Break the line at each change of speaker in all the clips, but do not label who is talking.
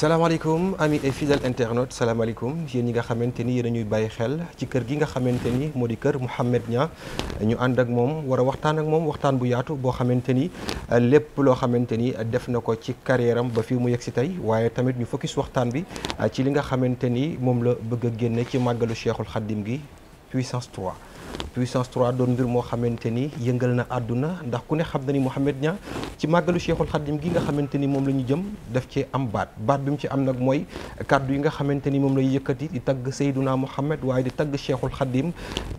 salaamaaleykum amis et fidèles internautes salaamaaleykum yéen ñi nga xamante ni yéen a bàyyi xel ci kër gi nga xamante ni moo di kër Mouhamed ña ñu ànd ak moom wara waxtaan ak moom waxtaan bu yaatu boo xamante ni euh, lépp loo xamante ni def na ko ci carrière ba fii mu yegg si tey waaye tamit ñu focus waxtaan bi euh, ci li nga xamante ni moom la bëgg a génne ci màggalu Cheikhul Khadim gi puissance 3 puissance 3 doon mbir moo xamante ni yëngal na àdduna ndax ku ne xam na ni Mouhamed Niang ci màggalu Cheikhul Khadim gi nga xamante ni moom la ñu jëm def cee am baat baat bi mu ci am nag mooy kàddu yi nga xamante ni moom lay yëkkati di tagg Seydouna Mouhamed waaye di tagg Cheikhul Khadim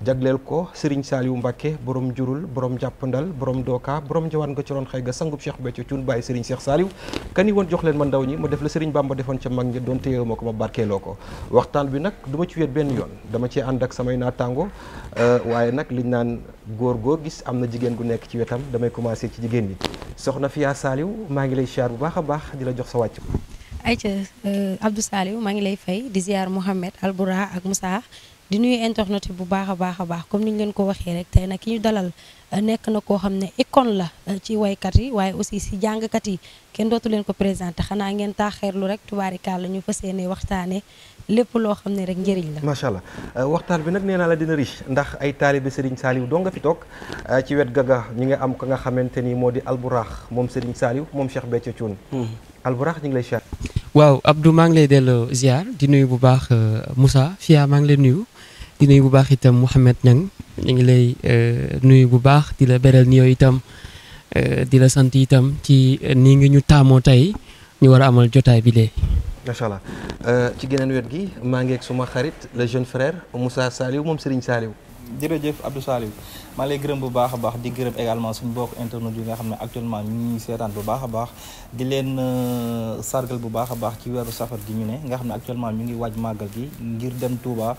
jagleel ko Serigne Saliou Mbacké borom jurul borom jàppandal borom dooka borom jawaan nga ci roon xëy ga sangub Cheikh Béthio Thioune bàyyi Serigne Cheikh Saliou kani woon jox leen ma ndaw ñi def la Serigne Bamba defoon ca mag ñi doon téyew ma ko ma barkeeloo ko waxtaan bi nag du ma ci wéet benn yoon dama cee ànd ak samay naataango euh, waaye nag liñ naan góor góor gis am na jigéen gu nekk ci wetam damay commencé ci jigéen bi soxna Fia Saliou maa ngi lay siyaar bu baax a baax di la jox sa wàcc.
ayca euh, Abdou Saliou maa ngi lay fay di ziar Mouhamed Alboura ak Moussa. di nuyu internet bu baax a baax a baax comme ni ñu leen ko waxee rek tey nag ki ñu dalal euh, nekk na koo xam ne icône la euh, ci waykat yi waaye aussi si jàngkat yi kenn dootu leen ko présenté xanaa ngeen taaxeerlu rek tubaarikàlla ñu fas yéene waxtaanee lépp loo xam ne rek njëriñ la.
macha allah euh, waxtaan bi nag nee naa la dina riche ndax ay taalibe Serigne Saliou doo nga fi toog ci wet gaga ñi nga am ko nga xamante ni moo di alburax moom Serigne Saliou moom Cheikh Béthio Thioune. Hmm. alburax ñu ngi lay ziar.
waaw Abdou maa ngi lay delloo ziar di nuyu bu baax Moussa Fia maa ngi lay nuyu. di nuyu bu baax itam Mouhamed Niang ñi ngi lay euh, nuyu bu baax di la beral nuyoo itam euh, di la sant itam ci euh, ni nga ñu taamoo tay ñu war amal jotaay bi lee.
macha allah ci gënal wet gi ma ngi ak suma xarit le jeune frère Moussa Saliou mom Serigne Saliou.
jërëjëf Abdou Saliou ma lay gërëm bu baax a baax di gërëm également suñu bokk internet yi nga xam ne actuellement ñu ngi bu baax a baax di leen sargal bu baax a baax ci weeru safar gi ñu ne nga xam ne actuellement ñu ngi waaj màggal gi ngir dem Touba.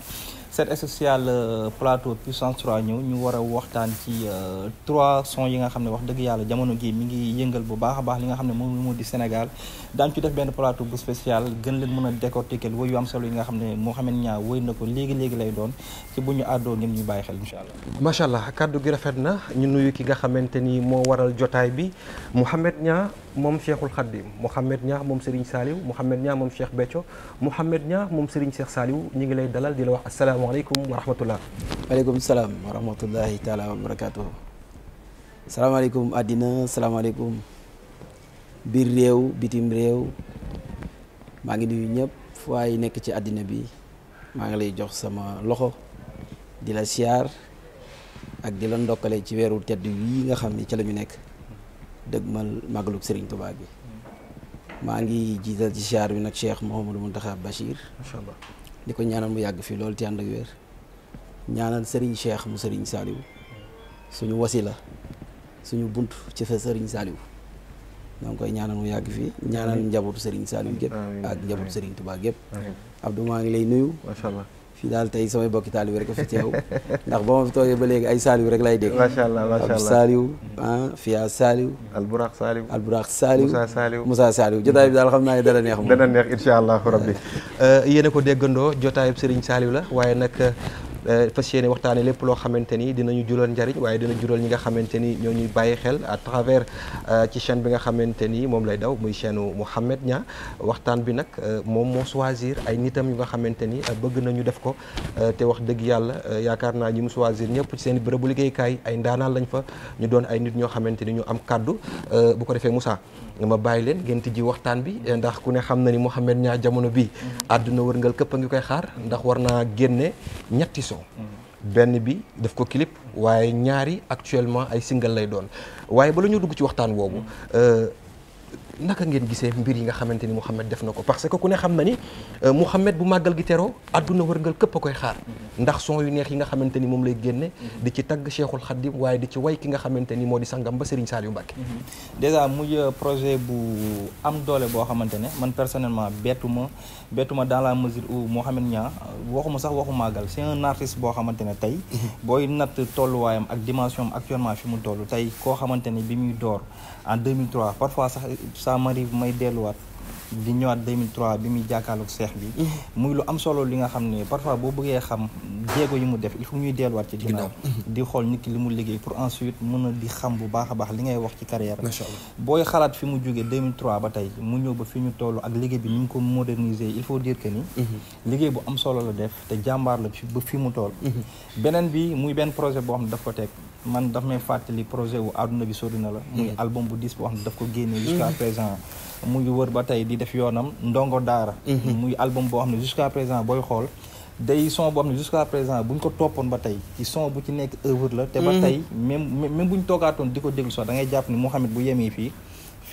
Set essentiel euh, plateau puissance 3 ñu ñu wara a waxtaan ci euh, trois sons yi nga xamne wax deug yalla jamono gi mi ngi yëngal bu baax baax li nga xamne mo mo di Sénégal daan ci def benn plateau bu spécial gën leen mëna décortiquer wo yu am solo yi nga xamne mo Mouhamed Niang woy nako légui légui lay doon ci buñu addo ngeen ñu bayyi xel
inshallah allah macha allah gi rafet ñu nuyu ki nga xamanteni ni waral jotay bi mohammed Niang mom Cheikhul Khadim mohammed Niang mom Serigne saliw mohammed Niang mom Cheikh Béthio mohammed Niang mom Serigne Cheikh saliw ñi ngi lay dalal di la wax assalamu Assalamualaikum warahmatullah.
Waalaikumsalam warahmatullahi taala wabarakatuh. Assalamualaikum adina. assalamualaikum. Bir rew bitim rew. Ma ngi nuyu ñep fu ay nek ci Adina bi Ma ngi lay jox sama loxo di la siyaar ak di la ndokkale ci wéru tedd wi nga xamni ci lañu nek. Deugmal magluk Serigne Touba bi Ma ngi jital ci bi nak Cheikh Mohamed Mountakha Bachir. di ko ñaanal mu yàgg fii loolu ci ànd ak wér ñaanal Serigne Cheikh mu Serigne Saliou suñu wasila suñu bunt ci fa Serigne Saliou ñoo ngi koy ñaanal mu yàgg fii ñaanal njabootu sëriñ Saliou gépp ak njabootu Serigne Touba gépp Abdou maa ngi lay nuyu. fii daal tey samay bokki taalibe rek a fi teew ndax ba ma fi toogee ba léegi ay saaliw rek laay dégg macha allah macha allah saaliw ah fiyaa
saaliw alburax saaliw alburax saaliw musa saaliw musa saaliw jotaay bi daal xam naa ne dana neex moom dana neex incha allahu rabbi yéen a ko déggandoo jotaayub Serigne Saaliw la waaye nag Euh, fas yéene waxtaane lépp loo xamante ni dinañu jural njariñ waaye dina jural ñi nga xamante ni ñoo ñuy bàyyi xel à travers euh, ci chaîne bi nga xamante mom moom lay daw muy chaîne Mouhamed Niang waxtaan bi nag euh, moom moo choisir ay nitam yu nga xamante bëgg nañu def ko te wax dëgg yàlla yaakaar naa ñi mu choisir ñëpp ci seen bërëbu liggéeykaay ay ndaanaan lañ fa ñu doon ay nit ñoo xamante ni ñu am kàddu bu ko defee Moussa ma bàyyi leen ngeen tijji waxtaan bi eh, ndax ku ne xam na ni Mouhamed ñaar jamono bi mhm. àdduna wërngal këpp a ngi koy xaar ndax war naa génne ñetti son mhm. benn bi daf ko clip waaye ñaari actuellement ay single lay doon waaye bala ñu dugg ci waxtaan boobu mhm. euh, naka ngeen gisee mbir yi nga xamante ni Mouhamed def na ko parce que ku ne xam na ni euh, Mouhamed bu màggal gi teroo àdduna wërngal képp a koy xaar ndax son yu neex yi nga xamante ni moom lay génne di ci tagg Cheikhul Khadim waaye di ci way ki nga xamante ni moo di sangam ba Serigne Saliou Mbacké
mhm.
dèjà muy euh, projet bu am doole boo xamante ne man beetu ma bettuma dans la mesure moo Mouhamed Niang waxuma sax waxu màggal c'est un artiste boo xamante ne tey mhm. booy natt tolluwaayam ak dimension actuellement fi mu toll tey koo xamante ne bi muy door en 2003 parfois sax ça m'arrive may delluwaat di ñëwaat 2003 bi muy jàkkaarloog seex bi. Mm. muy lu am solo li nga xam ne parfois boo bëggee xam jéego yi mu def il faut ñuy delluwaat ci ginnaaw. Mm-hmm. di xool nit ki li mu liggéey pour ensuite mën a di xam bu baax a baax li ngay wax ci carrière macha allah booy xalaat fi mu jógee 2003 ba tey mu ñëw ba fi ñu toll ak liggéey bi ni ñu ko moderniser il faut dire que ni. Mm-hmm. liggéey bu am solo la def te jàmbaar la ba fi mu toll. Mm-hmm. beneen bi muy benn projet boo xam ne daf ko teg. man daf may fàttali projet wu àdduna bi sori na la muy mm-hmm. album bu dis boo xam ne daf ko génnee mm-hmm. jusqu'à présent muy wër ba tey di def yoonam ndongo daara mm-hmm. muy album boo xam ne jusqu'à présent booy xool day son boo xam ne jusqu'à présent bu ñu ko toppoon ba tey ci son bu ci nekk œuvre la te ba tey même même bu ñu toogaatoon di ko déglu sax da ngay jàpp ni Mouhamed bu yemee fii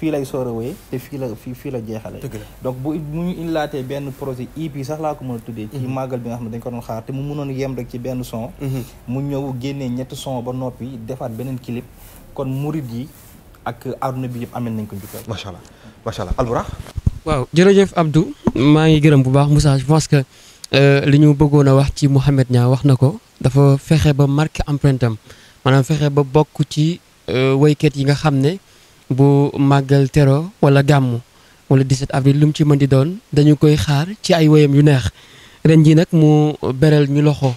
fii lay soor a te fii la fii fii la jeexale donc bu mu ñu inlaatee benn projet EP sax laa ko mën a tuddee ci mhm. màggal bi nga xam ne dañ ko doon xaar te mu mënoon yem rek ci benn son mhm. mu ñëw génnee ñetti son ba noppi defaat beneen clip kon murid yi ak àdduna bi yëpp amel nañ ko njukkal macha allah macha allah alburax
waaw jërëjëf Abdou maa ngi gërëm bu baax Moussa je pense que euh, li ñu bëggoon a wax ci Mouhamed Niang wax na ko dafa fexe ba marqué empreinte am maanaam fexe ba bokk ci euh, waykat yi nga xam ne bu màggal tero wala gàmmu wala 17 avril lu mu ci mën di doon dañu koy xaar ci ay woyam yu neex ren ji nag mu beral ñu loxo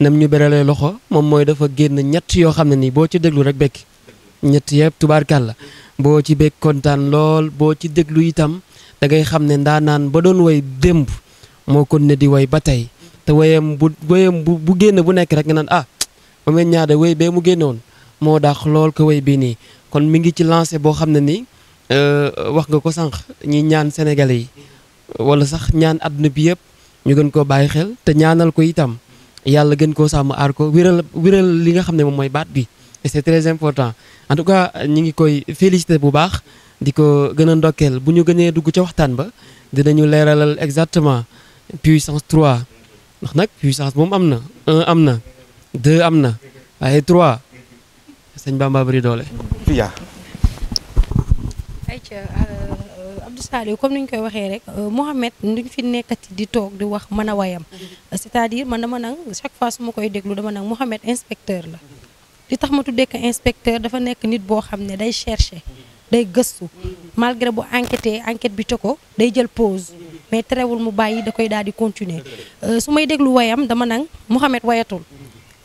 nam ñu beralee loxo moom mooy dafa génn ñett yoo xam ne nii boo ci déglu rek bekk ñett yëpp tubaarkàlla boo ci bekk kontaan lool boo ci déglu itam da xam ne ndaanaan ba doon woy démb moo kon ne di woy ba tey te woyam bu bu génn bu nekk rek nga naan ah moom lool ko woy bii nii kon mu ngi ci lancé boo xam ne ni euh, wax nga ko sànq ñi ñaan sénégalais yi wala sax ñaan àdduna bi yëpp ñu gën koo bàyyi xel te ñaanal ko itam yàlla gën koo sàmm aar ko wéral wéral li nga xam ne moom mooy baat bi et c'est très important en tout cas ngi koy félicité bu baax di ko gën a ndokkeel bu ñu gënee dugg ca waxtaan ba dinañu leeralal exactement puissance 3 ndax nag puissance moom am na 1 am na 2 am na waaye 3 sëñ Bamba bari doole. Pia.
ayca euh, euh, comme ni ñu koy waxee rek euh, Mouhamed duñ fi nekkati di toog di wax mën a wayam c'est-à-dire man dama nag chaque fois su ma koy déglu dama nag Mouhamed inspecteur la. li tax ma tu ko inspecteur dafa nekk nit boo xam ne day chercher day gëstu malgré bu enquêté enquête bi te ko day jël pause mais terewul mu bàyyi da koy daal di continuer su may déglu wayam dama nang Mouhamed wayatul.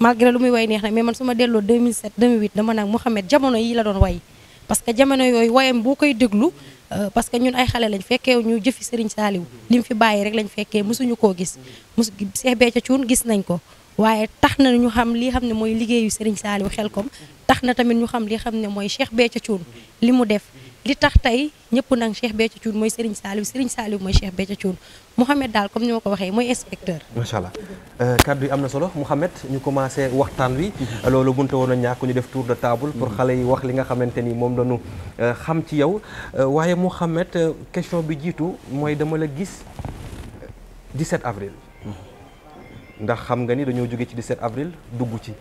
malgré lu muy woy neex na mais man su ma delloo 2007 2008 dama naan Mouhamed jamono yi la doon way parce que jamono yooyu woyam boo koy déglu euh, parce que ñun ay xale lañ fekkee ñu jëfi Serigne Saliou li fi bàyyi rek lañ fekkee mosuñu koo gis mosu Cheikh Béthio Thioune gis nañ ko waaye tax na ñu xam li xam ne mooy liggéeyu Serigne xel Khelcom tax na tamit ñu xam li xam ne mooy Cheikh Béthio Thioune li mu def li tax tey ñëpp nag Cheikh Béthio Thioune mooy Serigne Saliou Serigne Saliou mooy Cheikh Béthio Thioune Mouhamed daal comme ni ma ko waxee mooy inspecteur.
macha allah euh, kaddu yi am na solo Mouhamed ñu commencé waxtaan wi. Mhm. loolu mënut a woon a ñàkk ñu def tour de table. pour mhm. xale yi wax li nga xamante ni moom la ñu euh, xam ci yow euh, waaye Mouhamed question bi jiitu mooy dama la gis 17 avril. Mhm. ndax xam nga ni dañoo jógee ci 17 avril dugg ci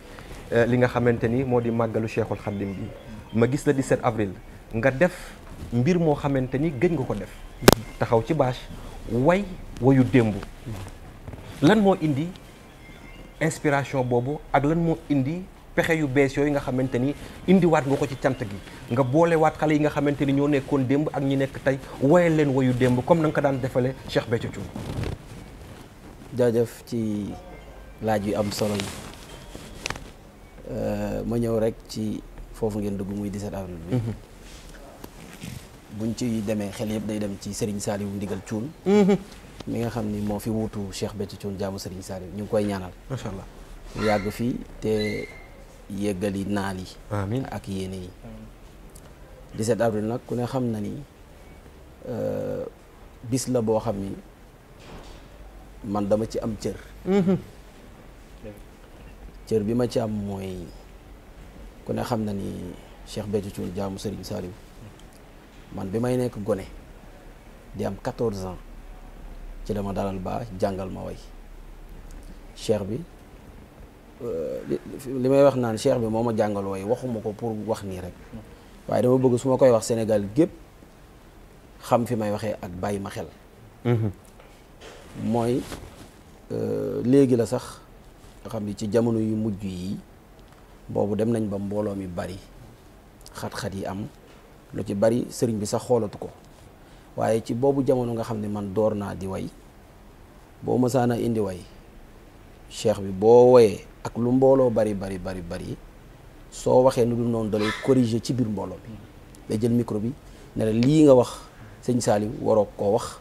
li nga xamante ni moo di màggalu Cheikhul Khadim bi ma gis la 17 avril. nga def mbir moo xamante ni gëj nga ko def taxaw ci bâche way wayu démb lan moo indi inspiration boobu ak lan moo indi pexe yu bees yooyu nga xamante ni indiwaat nga ko ci cant gi nga boolewaat xale yi nga xamante ni ñoo nekkoon démb ak ñi nekk tey wayal leen wayu démb comme na nga ko daan defale Cheikh Béthio Thioune
jaajëf ci laaj yu am solo yi euh, ma ñëw rek ci foofu ngeen dugg muy 17 avril bi mhm. buñ ci demee xel yëpp day dem ci Serigne Saliou ndigal Thioune mhm. mi nga xam ni moo fi wuutu Cheikh Béthio Thioune jaamu Serigne Saliou ñu ngi koy ñaanal macha allah yàgg fii te yeggali naal ak yéene yi nag ku ne xam na ni euh, bis la boo xam ni man dama ci am cër mhm. cër bi ma ci am mooy ku ne xam na ni Cheikh Béthio Thioune jaamu Serigne man bi nek goné di am 14 ans ci dama dalal ba jangal ma way cheikh bi euh limay wax nan cheikh bi moma jangal way waxumako pour wax ni rek waaye dama bëgg suma koy wax Sénégal gépp xam fi may waxé ak bàyyi ma moy mhm. euh légui la sax xam bi ci jamono yu mujj yi boobu dem nañ ba mbolo mi bari xat-xat yi am lu ci bari sëriñ bi sax xoolatu ko waaye ci boobu jamono nga xam ne man door naa di way boo mësaana indi way cheikh bi boo woyee ak lu mbooloo bari bari bari bari soo waxee nu dul noonu dalay corriger ci biir mbooloo bi day jël micro bi lii nga wax sëñ Saliou waroo koo wax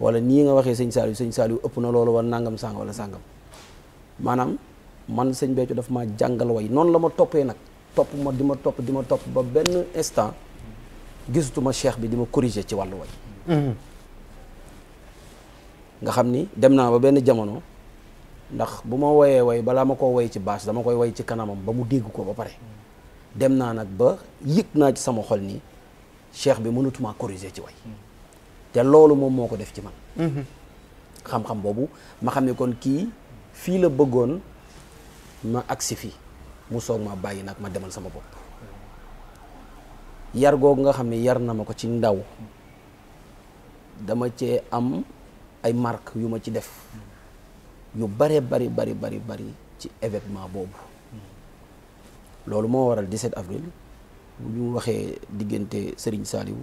wala nii nga waxee sëñ Saliou sëñ Saliou ëpp na loolu wala nangam sàng wala sàngam maanaam man sëñ Béthio daf ma jàngal way noonu la ma toppee nag topp ma di ma topp gisatuma cheikh bi di ma corriger ci wàllu way mhm. nga xam ni dem naa ba benn jamono ndax bu ma woyee way balaa ma koo woy ci baas dama koy woy ci kanamam ba mu dégg ko ba pare dem naa nag ba yëg naa ci sama xol ni cheikh bi mënatumaa corriger ci way te loolu moom moo ko def ci man mhm. xam-xam boobu ma xam ne kon kii fii la bëggoon ma agsi fii mu soog maa bàyyi nag ma demal sama bopp yar googu nga xam ne yar na ma ko ci ndaw dama cee am ay marque yu ma ci def yu bare bari bari bari bari ci événement boobu loolu moo waral 17 avril bu ñu waxee diggante Serigne Saliou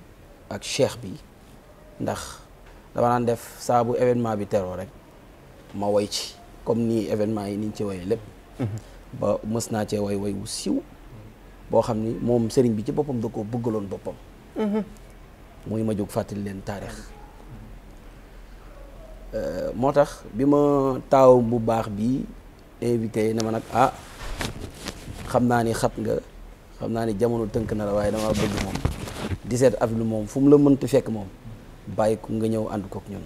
ak Cheikh bi ndax dama naan def saa événement bi teroo rek ma woy ci comme nii événement yi niñ ci woyee lépp mhm. ba mës naa cee woy woy wu siw boo xam ni moom sëriñ bi ci boppam da koo bëggaloon boppam mm-hmm. muy ma jóg fàttali leen taarix euh, moo tax bi ma taaw bu baax bi invité ne ma nag ah xam naa ni xat nga xam naa ni jamono tënk na la waaye dama bëgg moom 17 avril moom fu mu la mënti fekk moom bàyyi ko nga ñëw ànd kook ñun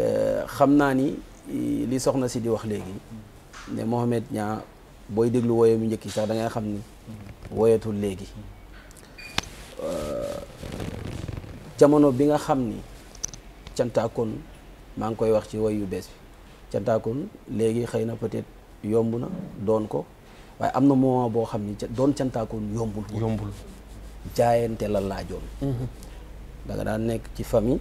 euh, xam naa ni li soxna si di wax léegi ne Mohamed ñaa booy déglu wooye bu njëkk yi sax da ngay xam ni woyatul léegi euh, jamono bi nga xam ni cantaakon maa ngi koy wax ci woy yu bees bi cantaakon léegi xëy na peut-être yomb na doon ko waaye am na moment boo xam ni doon cantaakon yombul yombul jaayante la laajoon mhm. da daan nekk ci famille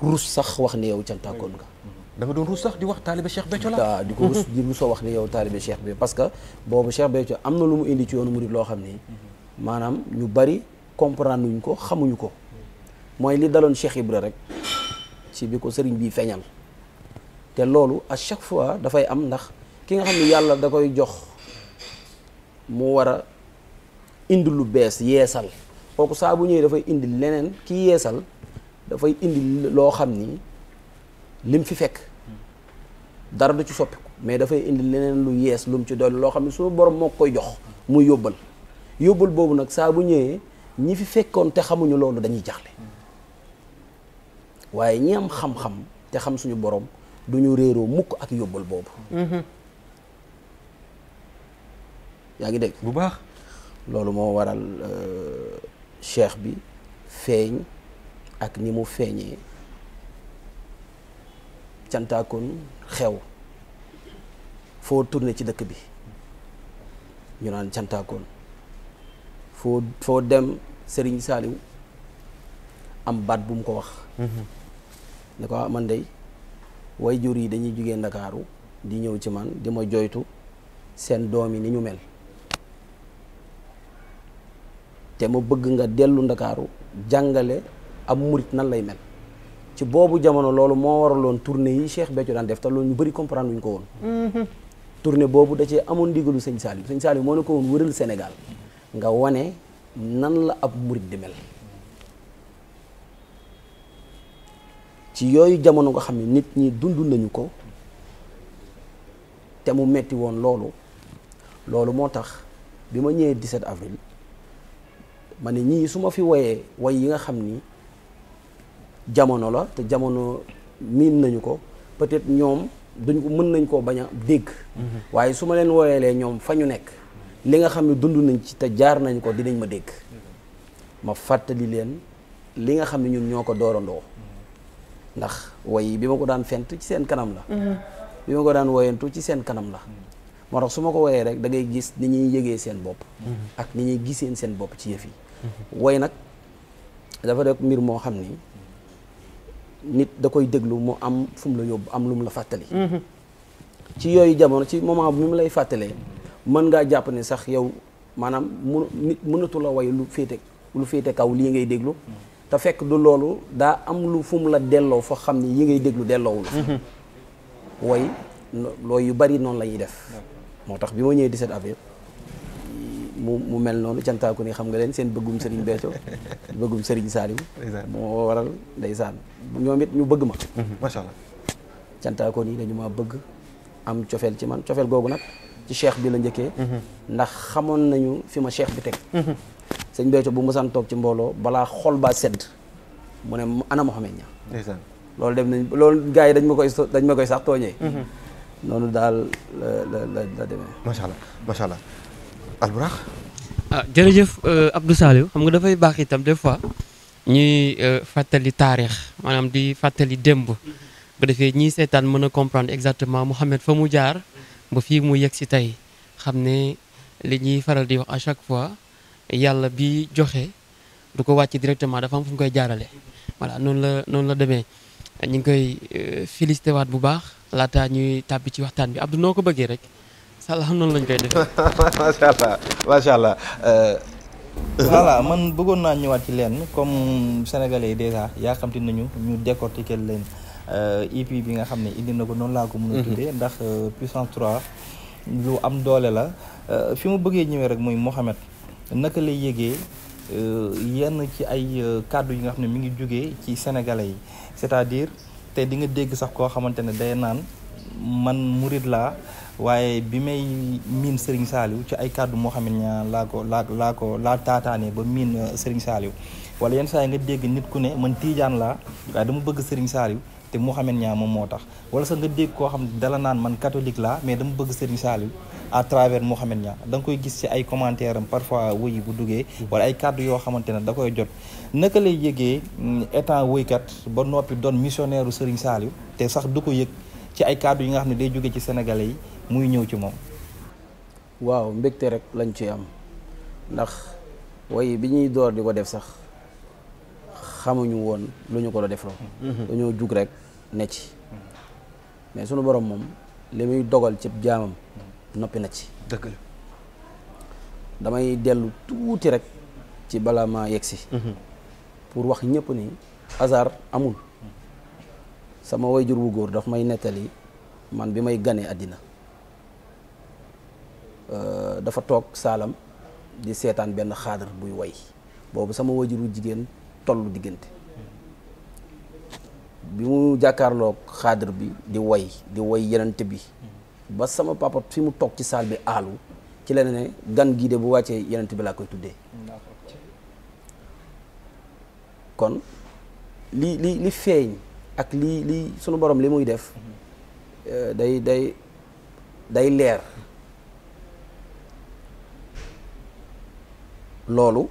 rus sax wax ni yow cantaakon nga mhm. da nga doon ruus sax di wax talibé Cheikh Béthio la da di ko ruus di ruusoo wax ni yow talibé Cheikh Béthio parce que bobu Cheikh Béthio am na lu mu indi ci yoonu mourid lo xamni manam ñu bari comprendre nuñ ko xamuñu ko moy li dalon Cheikh Ibra rek ci biko serigne bi feñal té lolu à chaque fois fay am ndax ki nga xamni yalla da koy jox mu wara indi lu bees yeesal kooku sa bu da fay indi lenen ki yeesal fay indi lo xamni lim fi fekk dara du ci soppiku mais dafay indi leneen lu yees lu ci dolli loo xam ne suñu borom moo koy jox mu yóbbal yóbbal boobu nag saa bu ñëwee ñi fi fekkoon te xamuñu loolu dañuy jaxle waaye ñi am xam-xam te xam suñu boroom du ñu réeroo mukk ak yóbbal boobu mhm. yaa ngi dégg bu baax loolu moo waral euh, cheikh bi feeñ ak ni mu feeñee cantaakoon xew foo tourné ci dëkk bi ñu naan cantaakoon foo foo dem Serigne Saliou am baat bu mu ko wax mhm. ne ko ah, man dey way jur yi dañuy jóge ndakaaru di ñëw ci man di ma joytu seen doom yi ni ñu mel te ma bëgg nga dellu ndakaaru jàngale am murit nan lay mel ci boobu jamono loolu moo waraloon tournée yi Cheikh Béthio daan def te loolu ñu bëri comprendre luñ ko woon. Mhm. tournée boobu da cee amoon ndigalu sañ Saliou sëñ Saliou moo ne ko woon wëral Sénégal nga wone nan la ab murit di mel. ci yooyu jamono nga xam ne nit ñi dundu nañu ko te mu metti woon loolu loolu moo tax bi ma ñëwee 17 avril ma ne ñii su ma fi woyee woy yi nga xam ni. jamono la te jamono miin nañu ko peut-être ñoom duñ ko mën nañ koo bañ a dégg. Mhm. waaye su ma leen wooyeelee ñoom fa ñu nekk li nga xam ne dund nañ ci te jaar nañ ko dinañ ma dégg ma fàttali leen li nga xam ne ñun ñoo ko doorandoo ndax woy bi ma ko daan fent ci seen kanam la. Mhm. bi ma ko daan woyantu ci seen kanam la. Mhm. moo tax su ma ko woyee rek da ngay gis ni ñuy yëgee seen bopp. ak ni ñuy giseen seen bopp ci yëf yi. woy nag dafa rek mbir moo xam ni. nit da koy déglu mu am fu mu la yóbbu am lu mu la fàttali. Mm-hmm. ci yooyu jamono ci moment bi mu lay fàttalee mën ngaa jàpp ne sax yow maanaam mu nit mënatu la lu féete lu féete kaw lii ngay déglu. Mm-hmm. te fekk du loolu daa am lu fu mu la delloo foo xam ne yi ngay déglu delloowul. Mm-hmm. way looy yu bari noonu la ñuy def. moo tax bi ma ñëwee di 17 avril. mu mu mel noonu cantaaku ni xam nga leen seen bëggum Serigne Béthio bëggum Serigne Saliou moo waral ndeysaan ñoom it ñu bëgg ma mhm. macha allah cantaaku ni dañu maa bëgg am cofeel ci man cofeel googu nag ci cheikh bi la njëkkee mhm. ndax xamoon nañu mhm. ci mbooloo balaa xol baa sedd mu ne ana Mouhamed Niang loolu dem nañ loolu gars yi dañ ma koy dañ ma koy sax tooñee
noonu daal la la la demee Alburax
ah jërëjëf euh, Abdou Saliou xam nga dafay baax itam de fois ñuy euh, fàttali taarix maanaam di fàttali démb bu defee ñi seetaan mën a comprendre exactement Mouhamed fa mu jaar ba fii mu yegg si tey xam ne li ñuy faral di wax à chaque fois yàlla bi joxe du ko wàcc directement dafa am fu mu koy jaarale voilà noonu la noonu la demee ñu ngi koy euh, félicité waat bu baax laata ñuy tàbbi ci waxtaan bi Abdou noo ko bëggee rek allah noonu lañ koy defee.
macha allah macha allah.
Euh. voilà man bëggoon naa ñëwaat ci leen comme sénégalais yi déjà yaa xamti nañu ñu décortiquer leen EP euh, e bi nga xam ne indi na ko noonu laa ko mën a mhm. tuddee ndax euh, puissance 3 lu am doole la fi mu bëggee ñëwee rek mooy Mouhamed naka lay yëgee yenn ci ay kàddu yi nga xam ne mi ngi jógee ci sénégalais yi c'est-à-dire te di nga dégg sax koo xamante ne day naan man murid laa waaye bi may miin Serigne Saliou ci ay kàddu moo xam ne laa ko laa laa ko laa taataanee ba miin euh, Serigne Saliou wala yenn saa yi nga dégg nit ku ne man tiijaan laa waaye dama bëgg Serigne Saliou te Mouhamed Niang moom moo tax wala sax nga dégg koo xam ne dala naan man catholique laa mais dama bëgg Serigne Saliou à travers Mouhamed da nga koy gis ci ay commentaire am parfois wëyi bu duggee wala ay kàddu yoo xamante ne da koy jot naka lay yëgee mm, étant wëykat ba noppi doon missionnaire u Serigne Saliou te sax du ko yëg ci ay kàddu yi nga xam ne day jógee ci sénégalais yi muy ñëw ci moom
waaw mbégte rek lañ ci am ndax way bi ñuy door di ko def sax xamuñu woon lu ñu ko def defloo mhm. dañoo jug rek ne ci mais sunu borom moom li muy dogal ci jaamam noppi na ci dëgg la damay dellu tuuti rek ci balaa ma yegsi mhm. pour wax ñépp ni hasard amul sama jur wu góor daf may nettali man bi may ganee àddina Euh, dafa tok salam di setan ben khadir buy way bobu sama wajuru jigen tollu diggante bi mu jàkkaarloo bi di way di way yenente bi ba sama papa fi mu tok ci saal bi alu ci lenene gan gi de bu wacce yenente bi la koy tuddé kon li li li feñ ak li li sunu borom limuy def euh, day day day leer loolu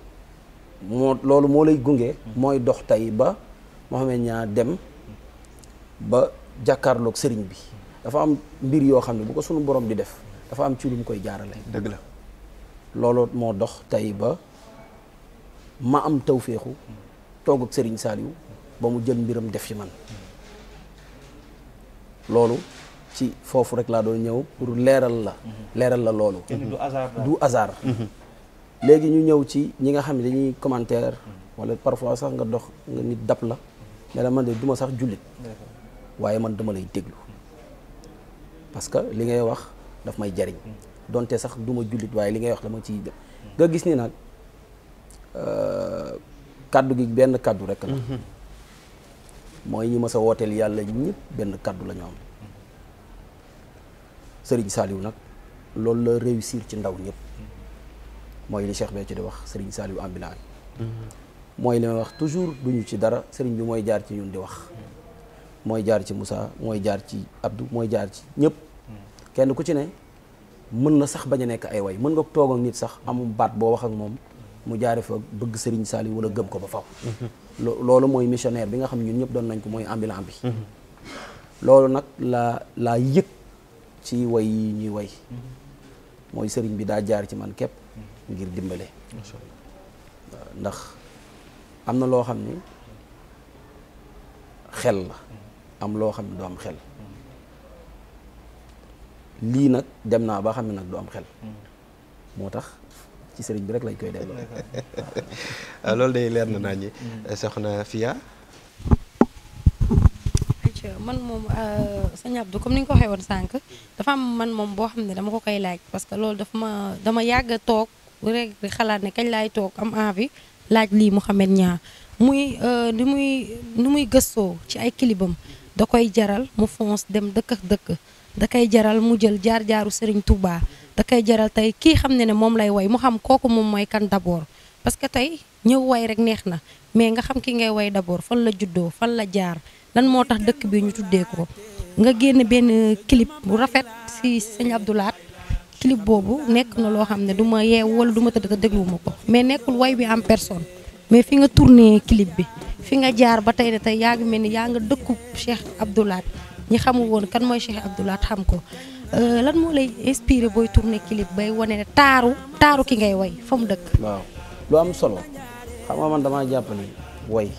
moo loolu moo lay gunge. mooy dox tey ba Mouhamed Niang dem ba jàkkaarloog sëriñ bi dafa am mbir yoo xam ne bu ko sunu borom di def dafa am ci lu mu koy jaarale. dëgg la loolu moo dox tey ba ma am tawféexu toog sëriñ Saliou ba mu jël mbiram def ci man loolu ci foofu rek laa doon ñëw pour leeral la. leeral la loolu. du hasard mhm. léegi ñu ñëw ci ñi nga xamni dañuy commentaire wala parfois sax nga dox nga nit dab la ne la man de duma sax julit waye man dama lay déglu parce que li ngay wax daf may jariñ donté sax duma julit waye li ngay wax dama ci def nga gis ni euh kaddu gi ben kaddu rek la moy ñi mësa wotel yalla ñepp ben kaddu la ñu Serigne saliw nak lool la réussir ci ndaw ñepp mooy li Cheikh Béthio di wax Serigne Saliou Ambilane mhm. mooy li may wax toujours duñu ci dara Serigne bi mooy jaar ci ñun di wax mooy jaar ci Moussa mooy jaar ci Abdou mooy jaar ci ñëpp kenn ku ci ne mën na sax bañ a nekk ay way mën nga toog ak nit sax amul baat boo wax ak moom mu jaare fa bëgg Serigne Saliou wala gëm ko ba faw mhm. loolu mooy missionnaire bi nga xam ñun ñëpp doon nañ ko mooy ambulant bi mhm. loolu nag laa laa yëg ci way yi ñuy way mooy sëriñ bi daa jaar ci man ngir dimbale ndax am na loo xam ni xel la mm-hmm. am loo xam ne du am xel lii nag dem naa ba xam ne nag du am xel mm-hmm. moo tax ci sëriñ bi
rek lañ koy delloo ah, day leer na naa ñi mm-hmm. soxna Fia
man moom euh, sëñ Abdou comme ni nga ko waxee woon dafa am man moom boo xam ne dama ko koy laaj parce que loolu dafa ma dama yàgg a toog rek di xalaat ne kañ laay toog am envie laaj lii Mouhamed Niang muy euh, ni muy ni muy gëstoo ci ay kilibam da koy jaral mu fons dem dëkk dëkk da koy jaral mu jël jaar-jaaru Serigne Touba da koy jaral tey kii xam ne ne moom lay woy mu xam kooku moom mooy kan d'abord parce que tey ñëw woy rek neex na mais nga xam ki ngay woy d'abord fan la juddoo fan la jaar lan moo tax dëkk bi ñu tuddee ko nga génn benn clip bu rafet ci Serigne Abdou clip boobu nekk na loo xam ne du ma yeew wala du ma tëdd te dégluwuma ko mais nekkul way bi am personne mais fi nga tourné clip bi fi nga jaar ba tey de tey yaa ngi mel ni yaa nga dëkku Cheikh Abdou Lahad ñi xamul woon kan mooy Cheikh Abdou Lahad xam ko euh, lan moo lay inspiré booy tourné clip bay wane ne taaru taaru ki ngay way fa mu dëkk.
waaw lu am solo xam nga man damaa jàpp ni way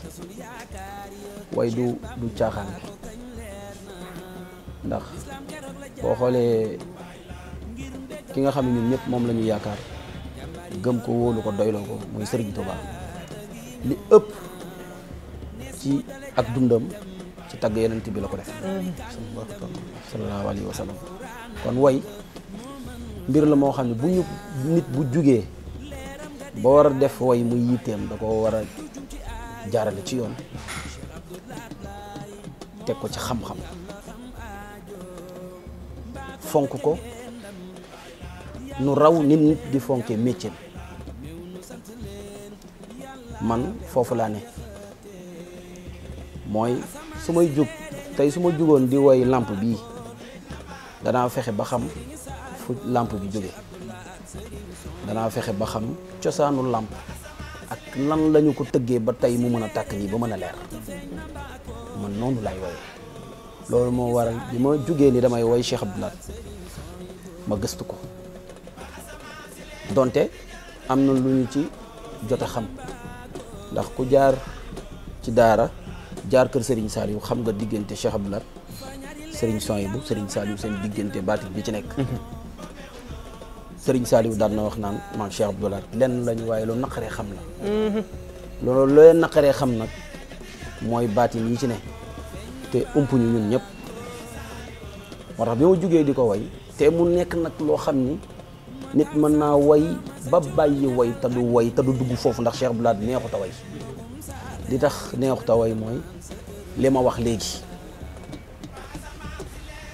way du du caaxaan ndax boo xoolee. ki nga xam ne ñun ñëpp moom lañu ñu yaakaar gëm ko wóolu ko doyloo ko muy Serigne Touba li ëpp ci ak dundam ci tagg yonent bi la ko def sallallahu alayhi wa kon woy mbir la moo xam ne bu ñu nit bu jugee ba war a def way muy yitteem da ko war a jaarale ci yoon teg ko ci xam-xam fonk ko nu raw nit nit di fonke métier man fofu la né moy sumay may tay suma su di way lampe bi, da na fexé ba xam fu lampe bi da na fexé ba xam ciosanu lampe ak lan lañu ko teggé ba tay mu mëna tak ni ba mëna a man nonu lay way lolu mo waral bima ni damay way Cheikh Abdoulaye ma gëstu ko donte am na lu ñu ci jot xam ndax ku jaar ci daara jaar kër Serigne Saliou xam nga diggante Cheikh Abdoulaye Serigne bu sëriñ Saliou seen diggante baatit bi ci nekk. Serigne Saliou daan na wax naan man Cheikh Abdoulaye lenn lañu waaye lu naqaree xam la. loolu looy naqaree xam nag mooy baatin yi ci ne te umpuñu ñun ñëpp moo tax bi ma jugee di ko way te mu nekk nag loo xam ni. nit mën naa way ba bàyyi way te du way te du dugg foofu ndax Cheikh Abdoul Ahad neexut a way li tax neexut a way mooy li ma wax léegi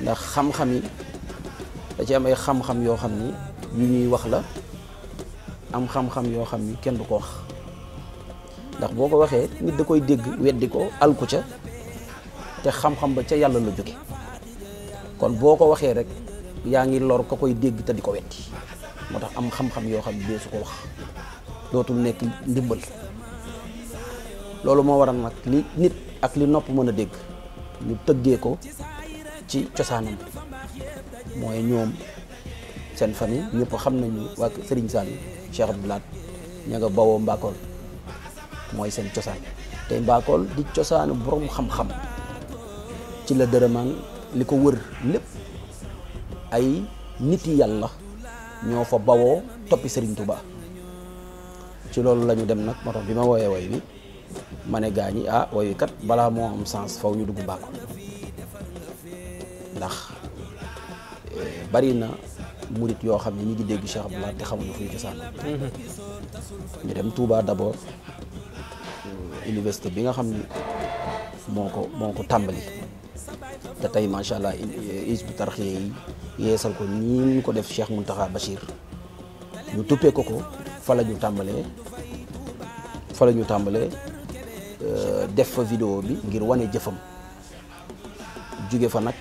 ndax xam-xam yi da ci am ay xam-xam yoo xam ni yu ñuy wax la am xam-xam yoo xam ni kenn du ko wax ndax boo ko waxee nit da koy dégg weddi ko alku ca te xam-xam ba ca yàlla la jóge kon boo ko waxee rek yaa ngi lor ka koy dégg te di ko weddi moo tax am xam-xam yoo xam dee su ko wax dootul nekk ndimbal loolu moo waral nag li nit ak li nopp mën a dégg ñu tëggee ko ci cosaanam mooy ñoom seen fan yi ñëpp xam nañu waa Serigne Saliou Cheikh Abdou Lahad ña nga bawoo Mbakol mooy seen cosaan te Mbakol di cosaanu boroom xam-xam ci la dërëmaan li ko wër lépp ay nit yi yàlla ñoo fa bawoo toppi Serigne Touba ci loolu lañu dem nag moo tax bi ma wooyee woy bi ma ne gaa ñi ah wayu kat balaa moo am sens faw ñu dugg Bakol
ndax
eh,
bari na murit yoo xam ne ñu ngi dégg Cheikh Abdoulaye te xamuñu fuy cosaan ñu dem Touba d'abord université bi nga xam ni moo ko moo ko tàmbali te tey macha allah is bu tarxiyee yi yeesal ko nii ñu ko def Cheikh Mountakha Bachir ñu tuppee ko ko fa la ñu tàmbalee fa la ñu tàmbalee euh, def fa vidéo bi ngir wane jëfam jóge fa nag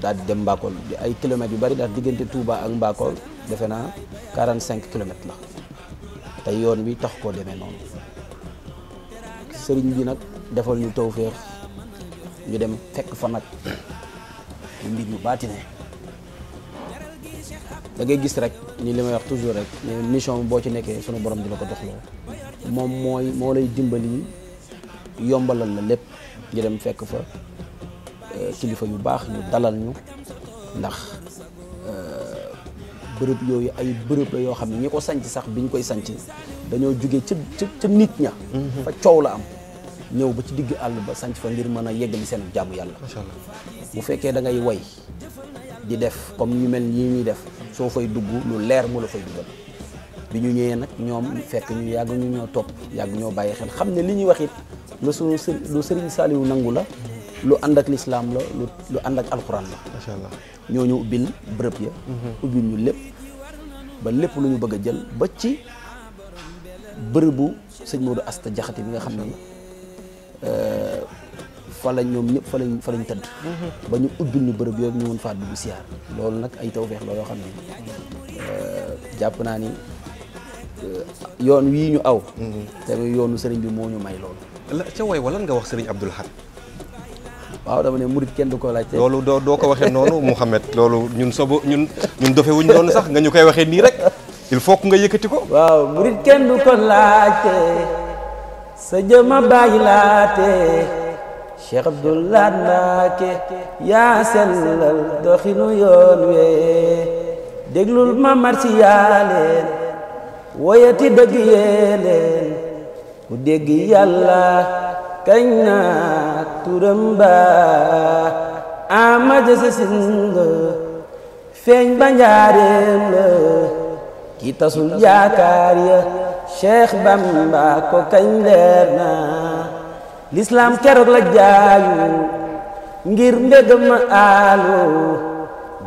daal di dem Mbakol ay kilomètres yu bari ndax diggante Touba ak Mbakol defe naa 45 kilomètres la te yoon wi tax koo demee noonu sëriñ bi nag defal ñu taw tawféex ñu dem fekk fa nag mbir yu baatine da ngay gis rek ni limay wax toujours rek ni mission bo ci nekké sunu borom di la ko dox loo moom mo moo lay dimbali yombalal la lepp ngi dem fekk fa euh, kilifa yu bax ñu dalal ñu ndax euh, bërëb yoyu ay bërëb la yo xamni ne ñi ko sanc sax biñ ñu koy sanc dañoo juggé ci ci nit ña mhm. fa ciow la am ñew ba ci digg àll ba sant fa ngir mëna yegg li seen jaamu yàlla bu fekkee da ngay way di def comme ñu mel ñi ñi def soo fay dugg lu leer mu la fay dugal bi ñu ñëwee nag ñoom fekk ñu yàgg ñu ñoo topp yàgg ñoo bàyyi xel xam ne li ñuy wax it lu suñu lu Serigne Saliou nangu la lu ànd ak lislaam la lu lu ànd ak alxuraan la. macha allah ñoo ñu ubbil bërëb ya. Mhm. ubbil ñu lépp ba lépp lu ñu bëgg a jël ba ci bërëbu sëñ Modou Asta Jaxate bi nga xam ne. fa lañ ñoom ñëpp fa lañ fa lañ tëdd mm-hmm. ba ñu ubbil ñu bërëb yooyu ñu mën faa dugg siyaar loolu nag ay tawfeex la yoo xam ne euh, jàpp naa ni euh, yoon wii ñu aw mm-hmm. tamit yoonu sëriñ bi moo ñu may
loolu wax sëriñ Abdul Ahad waaw dama du ko laajte loolu doo doo ko waxee noonu Mouhamed loolu ñun sobo ñun ñun dofe wuñ doon sax nga ñu koy waxee nii rek il faut que nga yëkkati ko waaw murit kenn ko laajte sa jëma bàyyi laate
Cheikh Abdoul Ahad Mbacké yaa sellal doxinu yoon we déglul ma marsi yaa leen woyati dëgg yee leen ku dégg yàlla kañ na turam ba ama jëse sin la ba njaareem la tasul yaakaar ya Cheikh Bamba ko kañ leer na l'islam keroog la jaayu ngir mbégam alu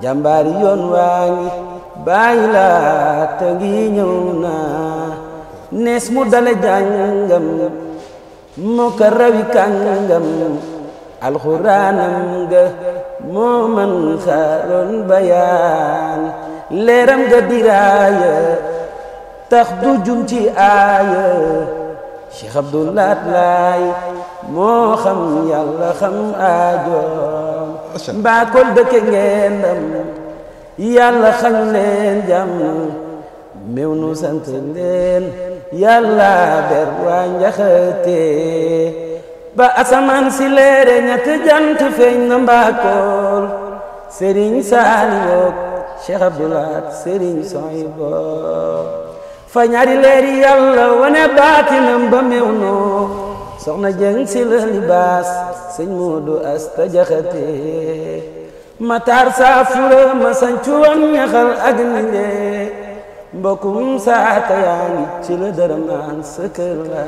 jambar yon wangi bayla te ngi ñewna nes mu dale jangam mo karawi kangam alquranam ga mo man xaaroon bayan leram ga diraya takhdu jumti aya Syekh Abdullah Lai مو خم يلا خم اجوم بأكل كل دك يلا خلين جم ميونو سنتين يلا بروان يا خاتي با اسمان تفين بأكل سرين فين ساليوك شيخ عبد الله سيرين صايب فنياري ليري يلا وانا باتي نم بميونو soxna jëng si la libaas sëñ Moodu Asta Jaxate mataar saa fura ma sancu wan ñaxal ak ninde mbokkum saata yaa ngi ci la dara maan sa kër la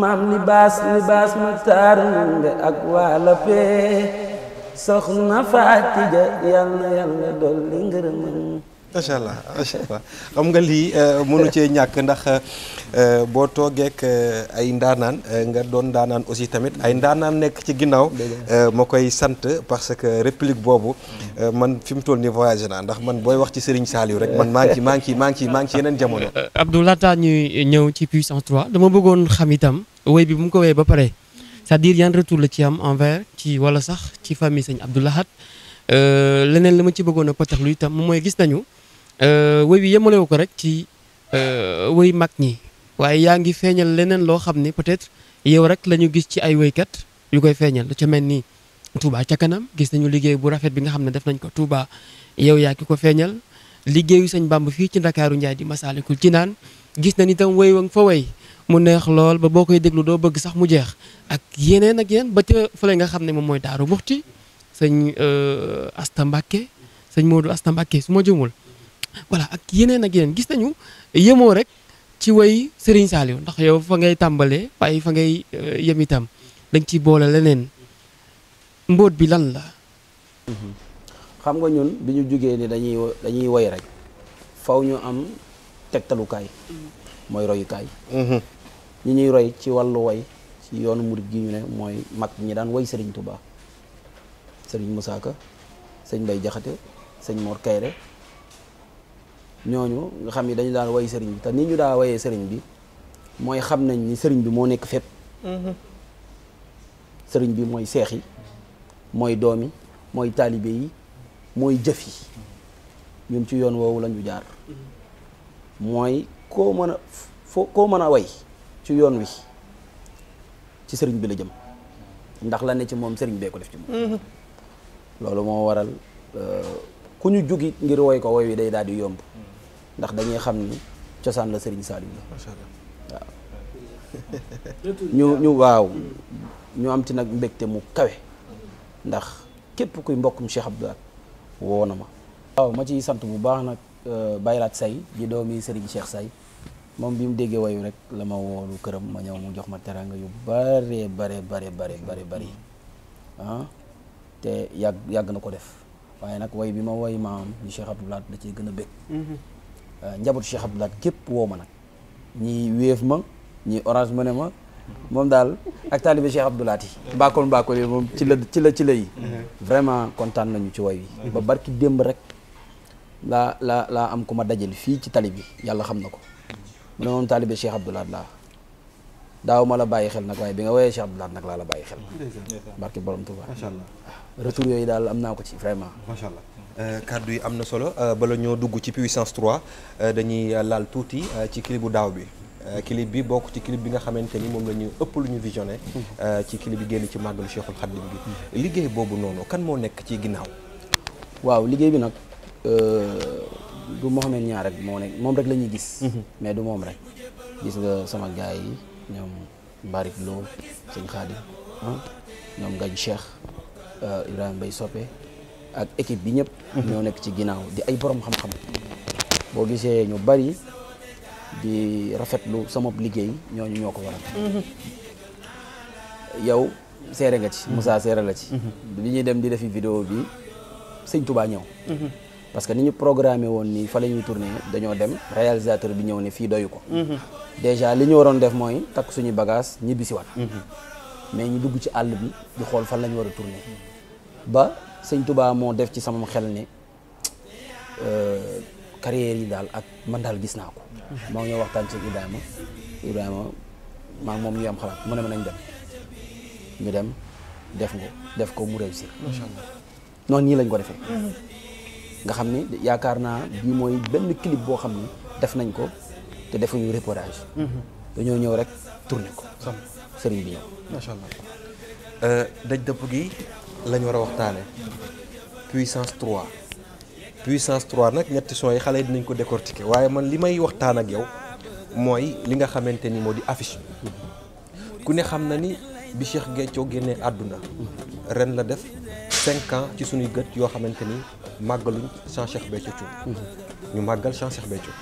maam libaas libaas mataar
nunde ak waala pee soxna Faatija yal na yàlla dolli ngërëmam macha allah macha allah xam nga lii eh, mënu cee ñàkk ndax eh, boo toogeek eh, ay ndaanaan nga doon ndaanaan aussi tamit ay ndaanaan nekk ci ginnaaw. ma koy sant parce que réplique boobu man fi mu toll nii voyagé naa ndax man booy wax ci Serigne Saliou rek man maa ngi ci maa ngi ci maa ngi ci maa ngi ci yeneen jamono.
Abdou laata ñuy ñëw ci puissance 3 dama bëggoon xam itam woy bi mu ko woyee ba pare c'est-à-dire yan retour la ci am envers ci wala sax ci famille sëñ Abdou Lahad leneen li ma ci bëggoon a potax lu itam mooy gis nañu. Euh, woy bi yemalewu ko rek ci euh, woy mag ñi waaye yaa ngi feeñal leneen loo xam ne peut-être yow rek lañu gis ci ay woykat yu koy feeñal lu ca mel ni Touba ca kanam gis nañu liggéey bu rafet bi nga xam ne def nañ ko Touba yow yaa ki ko feeñal liggéeyu Sëñ Bàmb fii ci Ndakaaru Njaay di Masaalikul Jinaan gis nañ itam woy wa nga fa woy mu neex lool ba boo koy déglu doo bëgg sax mu jeex ak yeneen ak yeneen ba ca fële nga xam ne moom mooy Daaru Muxti sañ euh, Asta Mbàkke sëñ Modou Asta Mbàkke su ma jëmul voilà ak yeneen ak yeneen gis nañu yemoo rek ci woy Serigne Saliou ndax yow fa ngay tàmbalee waaye fa ngay euh, yem itam dañ ci boole leneen mbóot bi lan la.
xam nga ñun bi ñu jugee ni dañuy dañuy woy rek faw ñu am tegtalukaay mooy royukaay. Mhm. ñi ñuy roy ci wàllu woy ci yoonu murid ñu ne mooy mag ñi daan woy Serigne Touba sëriñ Moussa Ka sëñ Bay Jaxate sëñ Mor Kayre ñooñu nga xam ni dañu daal woy sëriñ bi te ni ñu daa wayee sëriñ bi mooy xam nañ ni sëriñ bi moo nekk fépp mhm. sëriñ bi mooy seex yi mooy doom yi mooy taalibe yi mooy jëf yi ñun ci yoon woowu la ñu jaar mooy koo mën a foo koo mën a woy ci yoon wi ci sëriñ bi la jëm ndax la ne ci moom sëriñ bee ko def ci moom mhm. loolu moo waral euh, ku ñu jugit ngir woy ko woy wi day daal di yomb ndax dañuy xam ni cosaan la Serigne Saliou la
waaw ñu ñu waaw
ñu am ci nag mbégte mu kawe ndax képp kuy mbokkum Cheikh Abdoulaye woo na ma waaw ma ci sant bu baax nag euh, Baylaat Say di doomi Serigne Cheikh Say moom bi mu déggee woyu rek la ma woolu këram ma ñëw mu jox ma teranga yu bare bare bare bare bare bari ah, te yàgg yàgg na ko def waaye nag way bi ma woy maam di Cheikh da ciy gën a bég mm-hmm. Euh, njabootu Cheikh Abdoulaye képp woo ma nag ñi wéef ma ñi orange ma ne ma moom daal ak taalibe Cheikh Abdoulaye yi mbaakol mbaakol yi moom ci la ci la ci la yi vraiment kontaan nañu ci way ba barki démb rek laa laa laa am ku ma dajal fii ci tali bi yàlla xam na ko mu ne moom taalibe Cheikh Abdoulaye laa daaw ma la bàyyi xel nag waaye bi nga woyee Cheikh Abdoulaye nag laa la bàyyi xel barki borom Tuuba retour yooyu daal am naa ko ci vraiment
macha Euh, kàddu yi am na solo euh, bala ñoo dugg ci puissance 3 euh, dañuy laal tuuti ci clip bu daaw bi clip bi bokk ci clip bi nga xamante ni moom la ñu ëpp lu ñu visionné ci clip bi génn ci màggalu Cheikhul Khadim bi liggéey boobu noonu kan moo nekk ci ginnaaw waaw liggéey bi nag
du Mohamed Niang rek moo moom rek la ñuy gis mhm. mais du moom rek gis nga sama gaay yi ñoom Mbarik Lo sëñ Khadim ah, ñoom Gagne Cheikh Ibrahima Bay Soppe ak équipe bi ñëpp. ñoo nekk ci ginnaaw di ay borom xam-xam. boo gisee ñu bari di rafetlu sama liggéey ñooñu ñoo ko waral. Mm-hmm. yow seere nga ci. Moussa mm-hmm. seere la ci. Mm-hmm. bi ñuy dem di defi vidéo bi sëñ Touba ñëw. parce que ni ñu programmé woon nii fa la ñuy dañoo dem réalisateur bi ñëw ni fii doyu ko. déjà li ñu waroon def mooy takk suñu bagage ñibbisiwaat. mais ñu dugg ci àll bi di xool fan la ñu war a tourné ba. sëñ Touba moo def ci sama xel ne euh, carrière yi daal ak man daal gis naa ko. maa ngi ñëw waxtaan ci Ibrahima maa moom ñu am xalaat mu ne ma nañ dem ñu dem def nga def ko mu réussir. macha noonu nii lañ ko defee. Mm-hmm. nga xam ni yaakaar naa bii mooy benn clip boo xam ne def nañ ko te defuñu
reportage. Mm-hmm. dañoo ñëw rek tourné ko. sëriñ bi ñëw. Euh, daj dëpp gi. lañ war a waxtaane puissance 3 puissance 3 nag ñetti son yi xale yi dinañ ko décortiquer waaye man li may waxtaan ak yow mooy li nga xamante ni moo di affiche ku ne xam na ni bi Cheikh Géthio génnee àdduna ren la def cinq ans ci suñuy gët yoo xamante ni màggaluñ Cheikh Béthio Thioune mm-hmm. ñu màggal Cheikh Béthio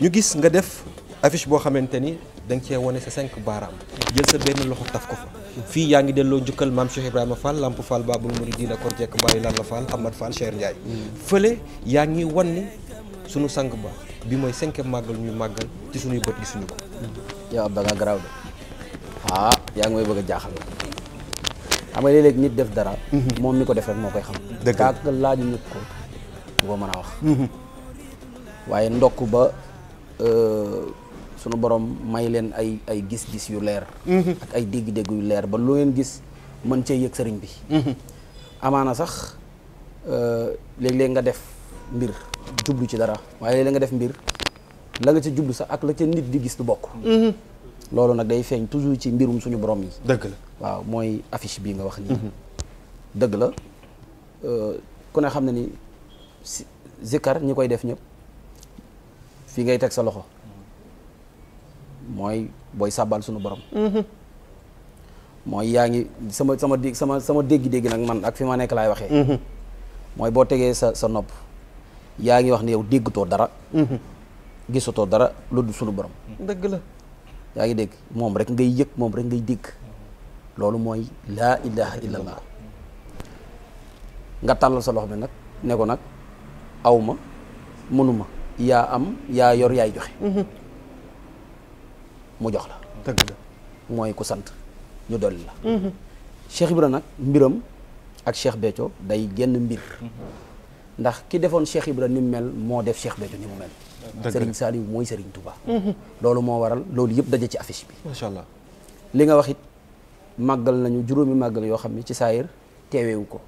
ñu gis nga def affiche boo xamante ni danga cee wane sa cinq baaraam jël sa benn loxo taf ko fa fii yaa ngi delloo njukkal maam Cheikh Ibrahima Fall Lamp Fall Babul Mouridina Kor Jekk Baay Lalla Fall Amad Fall Cheikh Ndiaye fële yaa ngi wan sunu sang ba bi mooy cinquième màggal ñuy màggal ci suñuy bët gisuñu ko
yow ab da nga garaaw de ah yaa ngi may bëgg a jaaxal xam nga léeg nit def dara mhm. moom mi ko defee moo koy xam kaak laaju nit ko du ko mën a wax mhm. waaye ndokk ba euh, sunu borom may len ay ay gis-gis yu leer. Mhm. ak ay deg deg yu leer ba lo len gis man ci yek serigne bi. Mhm. amana sax euh, leg leg nga def mbir djublu ci dara waaye leg léeg nga def mbir la nga ci djublu sax ak la ci nit di gis du bok mhm. lolu nak day feñ toujours ci mbirum suñu borom yi. deug la waaw moy affiche bi nga wax ni deug la euh, ku ne xamna ni zikar ñi koy def ñep fi ngay tek sa loxo. mooy booy sàbbal suñu borom mm-hmm. mooy yaa ngi sama sama dégg sama sama dégg-dégg nag man ak fi ma nekk laay waxee mm-hmm. mooy boo tegee sa sa nopp yaa ngi wax ne yow déggatoo dara mm-hmm. gisatoo dara lu dul suñu borom dëgg la yaa ngi dégg moom rek ngay yëg moom rek ngay dégg loolu mooy laa ilaha illallah nga tàllal sa loxo bi nag ne nag aw ma mënuma yaa am yaa yor yaay joxe mu jox la. mooy ku sant ñu dolli la. Mhm. Cheikh Ibra nag mbiram ak Cheikh Béthio day génn mbir. Mhm. ndax ki defoon Cheikh Ibra ni mu mel moo def Cheikh Béthio ni mu mel. Serigne Saliou mooy Serigne Touba. Mhm. loolu moo waral loolu yëpp daje ci affiche bi. macha allah li nga wax it màggal nañu juróomi màggal yoo xam ne ci saayir teeweewu ko.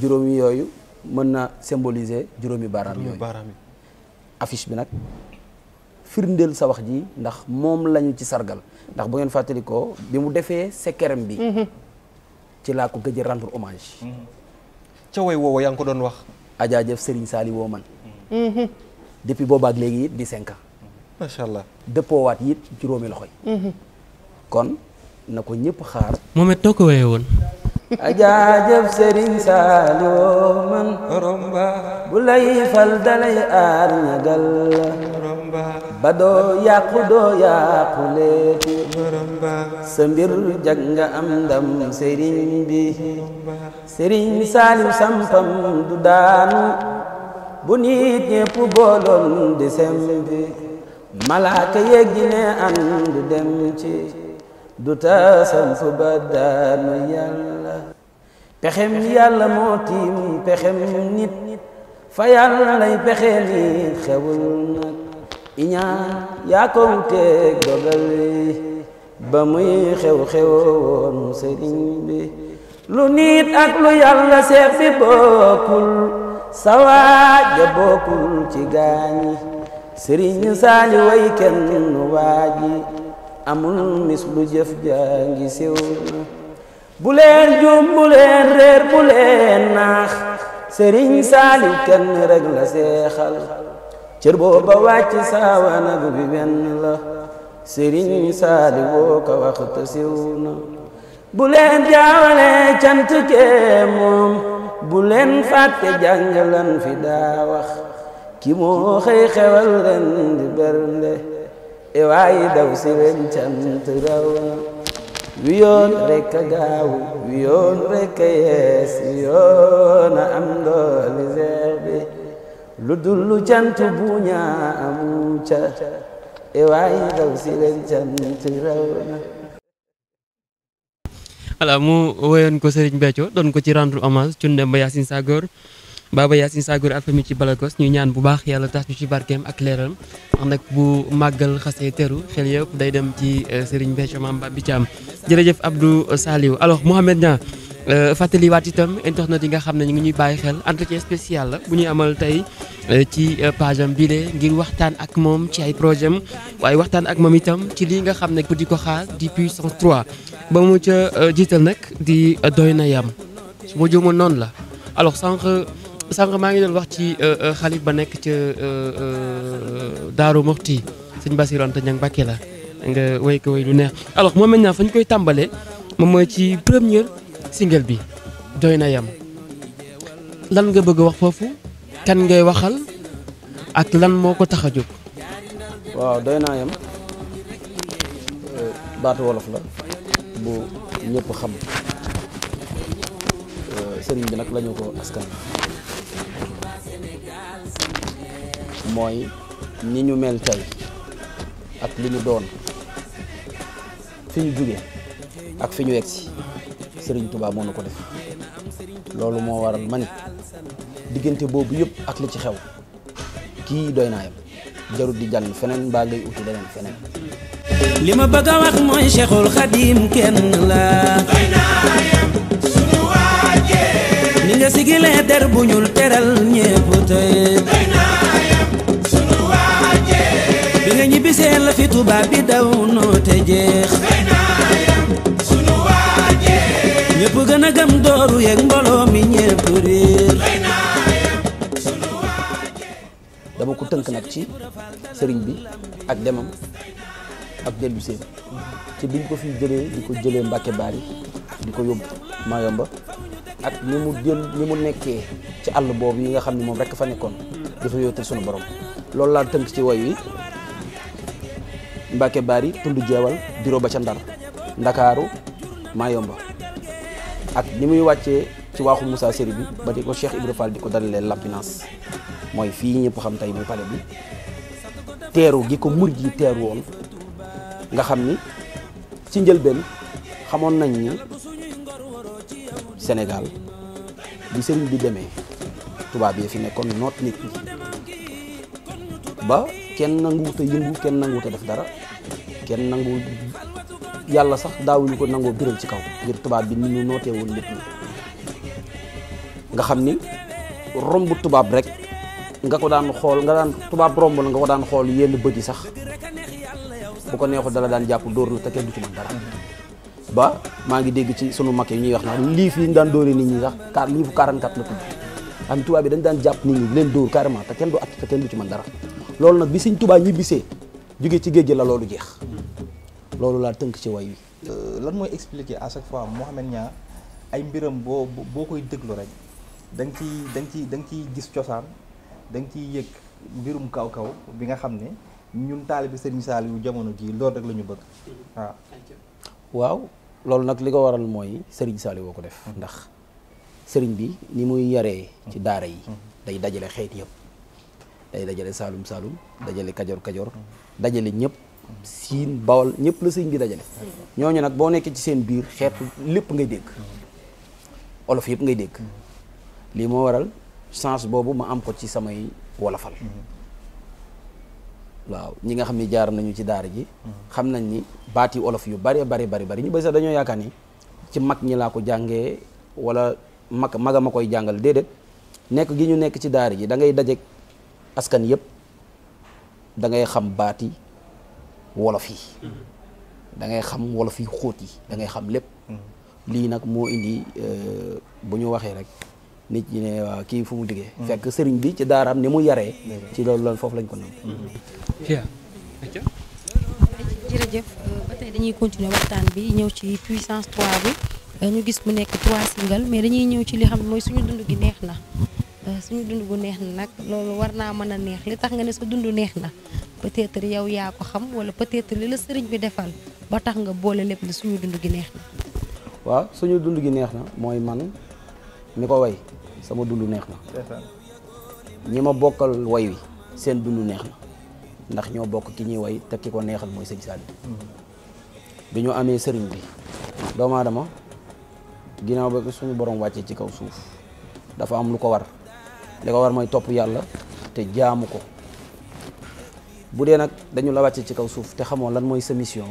juróomi yooyu mën na symboliser juróomi baaraam yooyu. affiche bi nag firndeel sa wax ji ndax moom lañu ci sargal ndax bu ngeen fàttalikoo bi mu defee sekkerem bi mhm. ci laa ko gëj a rendre hommage mhm. ca way woowa yaa ngi ko doon wax ajaajëf Serigne Sali woo man mhm. depuis boobaak léegi it di cinq ans macha allah dëppoowaat it juróomi loxo yi kon na ko ñëpp xaar
moom it ko wéyee woon
ajaajëf sëriñ Saliou man romba bu lay dalay aar ñagal ba doo yàqu doo yàqu leeti romba sa am ndam sëriñ bi sëriñ Saliou sampam du daanu bu nit ñépp booloon di sembi malaaka yeggi ne an du dem du taasam fu daanu yàlla pexem yàlla moo tiim pexem nit fa yàlla lay pexe xewul nag iñaan yaa ko wuteeg dogal ba muy xew xewoon sëriñ bi lu nit ak lu yàlla seet bi bokkul sawaaja bokkul ci gaañi sëriñ saali way kenn waaji amul mis lu jëf jaa ngi siw bu leen juum bu leen naax sëriñ saali kenn rek la seexal cër booba wàcc saawanagu bi benn la sëriñ saali woo ko wax te siw na bu leen moom bu leen fàtte fi daa wax ki moo xëy xewal ren di bernde e waayi daw si ren cant raw wi yoon rekk a gaaw yees wi am doole seex lu dul lu cant buña amu e waayi daw si ren cant raw
voilà mu woyoon ko Serigne Béthio doon ko ci rendre hommage Thioune Demba Yacine Sagor Baba Yacine Sagour Alpha mi ci Balagos ñu ñaan bu baax yàlla tax ñu ci barkeem ak leeram ndax nag bu màggal xasee teru xel yëpp day dem ci euh, Serigne Béthio Mame Babou Thiam jërëjëf Abdou Saliou alors Mouhamed Niang euh, fàttaliwaat itam internet yi nga xam ne ñu ngi ñuy bàyyi xel entretien spécial la bu ñuy amal tey euh, ci page am bile ngir waxtaan ak moom ci ay projet waaye waxtaan ak moom itam ci lii nga xam ne di ko xaar di cent 3 ba mu ca jiital nag di doy na yam su ma juumoon noonu la sank ma ngi doon wax ci eh, eh, khalif ba nekk eh, daru mufti seigne sëñ on Anta ñang luner. la nga way ko way lu neex alors mo meñ na fañ koy tambalé mo mooy ci premier single bi doy yam lan nga bëgg wax fofu kan ngay waxal ak lan moko taxajuk
waaw doy yam baatu wolof la bu ñepp xam sëriñ bi nak lañu ko askan. mooy ni ñu mel tey ak li ñu doon fi ñu jóge ak fi ñu egsi Sëriñ Tuubaa moo na ko def loolu moo waral ma ne diggante boobu yëpp ak li ci xew kii doy naa yam jarut di jàll feneen mbaa ngay uti leneen feneen li ma bëgg a wax mooy Cheikhul Khadim kenn la bisee fi tuba bi daw noo te jeex ñëpp gën a gëm dooru yeeg mbooloo mi ñëpp réer dama ko tënk nag ci sëriñ bi ak demam ak delu seen ci biñ ko fi jëlé diko jëlé mbacké bari diko yob ma yomba ak ni mu gën ni mu nekké ci all bobu yi nga xamni mom rek fa nekkon dafa yóotal sunu borom loolu la teunk ci way wi Mbacke Bari tund jeewal bureau ba ca Ndar Ndakaaru Mayomba ak ni muy wàccee ci waaxu musaa Seri bi ba di ko Cheikh Ibra Fall di ko dalalee Lampinaas mooy fii ñëpp xam tey muy pale bi teeru gi ko mur yi teeru woon nga xam ni ci njëlbeen xamoon nañ ni Sénégal bi sëriñ bi demee tubaab yi fi nekkoon noot nit ñi ba kenn nanguwut a yëngu kenn nanguwut a def dara kenn nangu yàlla sax daawuñu ko nangoo biral ci kaw ngir tubaab bi ni ñu nootee woon lépp nga xam ni romb tubaab rek nga ko daan xool nga daan tubaab romb la nga ko daan xool yenn bët yi sax bu ko neexu dala daan jàpp dóor la te kenn du ci mën dara ba maa ngi dégg ci sunu mag yi ñuy wax nag lii yi ñu daan dóoree nit ñi sax car liifu 44 la tudd am tubaab bi dañ daan jàpp nit ñi leen dóor carrément te kenn du att te kenn du ci dara jóge ci géej gi la loolu jeex loolu laa tënk ci way wi euh, lan mooy expliquer à chaque fois Mouhamed ñaa
ay mbiram boo boo koy déglu rek da nga ciy danga ciy da nga ciy gis cosaan danga ciy yëg mbirum kaw-kaw bi nga xam ne ñun taalibi Serigne Saliou yu jamono
jii loolu rek la ñu bëgg waaw. loolu nag li ko waral mooy Serigne Saliou woo ko def. Mm-hmm. ndax sëriñ bi ni muy yaree. ci mm-hmm. daara yi. Mm-hmm. day dajale xeet yëpp. day dajale saalum saalum dajale kadior kadior dajale ñep sin, bawol ñep la sëñ bi dajale ñoñu nak bo nekk ci seen biir xeetu lepp ngay dégg olof yëpp ngay dégg li mo waral chance bobu ma am ko ci samay wolofal waaw ñi nga xamni ni jaar nañu ci daara ji xam nañ ni baati olof yu bari bari bari bari ñu bëri dañoo ci mag ñi la ko wala mag maga ma koy jàngal déedéet nekk gi ñu nek ci daara ji da ngay dajek askan yëpp dangay ngay xam baati wolof yi dangay xam wolof yi xóot yi da ngay xam lépp lii nag moo indi euh, bu ñu waxee rek nit ñi ne waaw kii fu mu diggee mm-hmm. fekk sëriñ bi ci daaraam ni mu yaree mm-hmm. ci loolu lool foofu lañ ko nam
mm-hmm.
jërëjëf ba tey dañuy continuer waxtaan bi ñëw ci puissance 3 bi ñu gis mu nekk trois single mais dañuy ñëw ci li xam mooy suñu dund gi neex na Eh, suñu dund gu neex na nag loolu war naa mën a neex li tax nga ne sa dund neex na peut-être yow yaa ko xam wala peut-être li la sëriñ bi defal ba tax nga boole lépp ni suñu dund gi neex na.
waaw suñu dund gi neex na mooy man mi ko woy sama dund neex na. ñi ma bokkal woy wi seen dund neex na ndax ñoo bokk ki ñuy woy te ki ko neexal mooy sëñ Saliou. Mm-hmm. bi ñu amee sëriñ bi doomu aadama ginnaaw ba suñu borom wàccee ci kaw suuf dafa am lu ko war. li ko war mooy topp yàlla te jaamu ko bu dee nag dañu la wàcce ci kaw suuf te xamoon lan mooy sa mission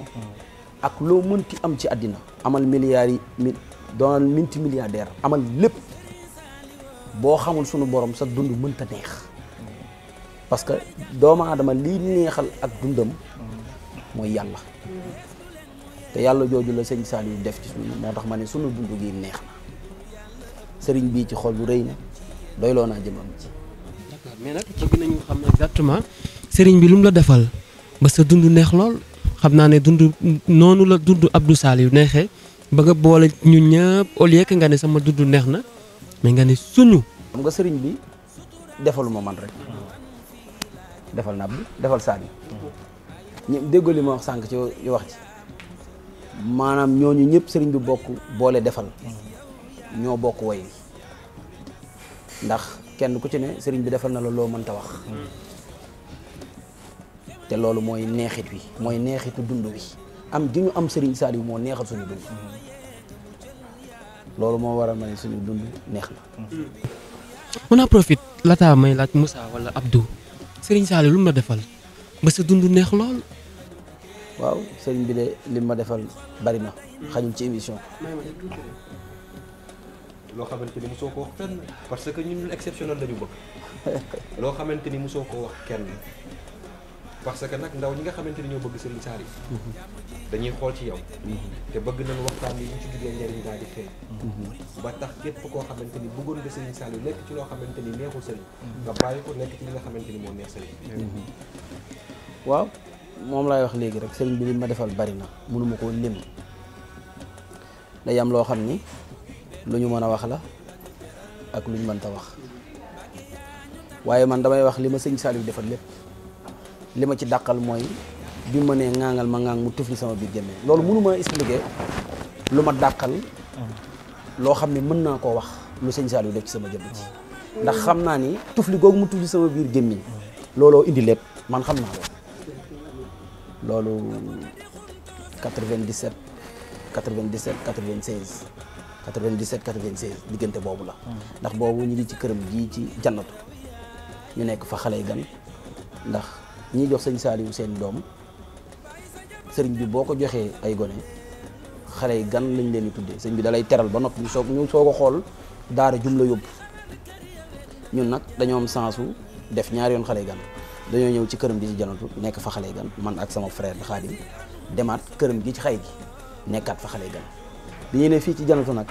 ak loo mënti am ci àddina amal milliards yi mi doonal minti milliardaire amal lépp boo xamul sunu borom sa dund mënta neex parce que doomu aadama lii neexal ak dundam mooy yàlla te yàlla jooju la sëñ Saliou def ci sunu moo tax ma ne sunu dund gi neex na sëriñ bii ci xol bu rëy na doyloo naa jëmmam ci.
d'accord mais nag bëgg nañu xam exactement sëriñ bi lu la defal ba sa dund neex lool xam naa ne dund noonu la dund Abdou Saliou neexee ba nga boole ñun ñëpp au lieu nga ne sama dund neex na mais nga ne suñu.
xam nga sëriñ bi defaluma man rek. defal na Abdou defal Saliou. ñoom déggoo li ma wax sànq ci yu wax ci maanaam ñooñu ñëpp sëriñ bi bokk boole defal ñoo bokk woy ndax kenn ku ci ne sëriñ bi defal na la loo mënta wax te loolu mooy neexit wi mooy neexitu dund wi am gi ñu am sëriñ Saliou moo neexal suñu dund loolu moo war a ne suñu dund neex na
mën a profit lataa may laaj Moussa wala Abdou sëriñ Saliou lu mu la defal ba sa dund neex lool
waaw sëriñ bi de li ma defal bari na xajul ci émission
loo xamante ni soo ko wax fenn parce que ñu lu exceptionnel la ñu bëgg loo xamante ni soo ko wax kenn parce que nag ndaw ñi nga xamante ni ñoo bëgg Serigne Saliou dañuy xool ci yow te bëgg nañu waxtaan yi ñu ci duggee njëriñ daal di feeñ ba tax képp koo xamante ni bëggoon nga Serigne Saliou nekk ci loo xamante ni neexul Serigne nga bàyyi ko nekk ci li nga xamante ni moo neex Serigne
waaw moom laay wax léegi rek Serigne bi li ma defal bari na mënuma koo lim day am loo xam ni luñu mëna wax la ak luñu mën ta wax waye man damay wax lima seigne salif defal lepp lima ci dakal moy bi mëne ngangal ma ngang mu sama bi jëme lolou mënu ma expliquer luma dakal lo xamni mën na ko wax lu seigne salif def ci sama jëm ci ndax xamna ni tufli gog mu tufli sama biir lolo lolou indi lepp man xamna lolou 97 97 96 97 96 diggante boobu la. ndax boobu ñu ngi ci këram gii ci jannatu ñu nekk fa xale gan ndax ñi jox sëñ Saliou seen doom sëriñ bi boo ko joxee ay gone xale yi gan lañ leen di tuddee sëñ bi dalay teral ba noppi ñu soog ñu soog a xool daara jum la yóbbu ñun nag dañoo am sensu def ñaari yoon xale gan dañoo ñëw ci këram gi ci janatu nekk fa xale gan man ak sama frère Khadim demaat këram gi ci xay gi nekkaat fa xale gan. bi ñu ne fii ci janatu nag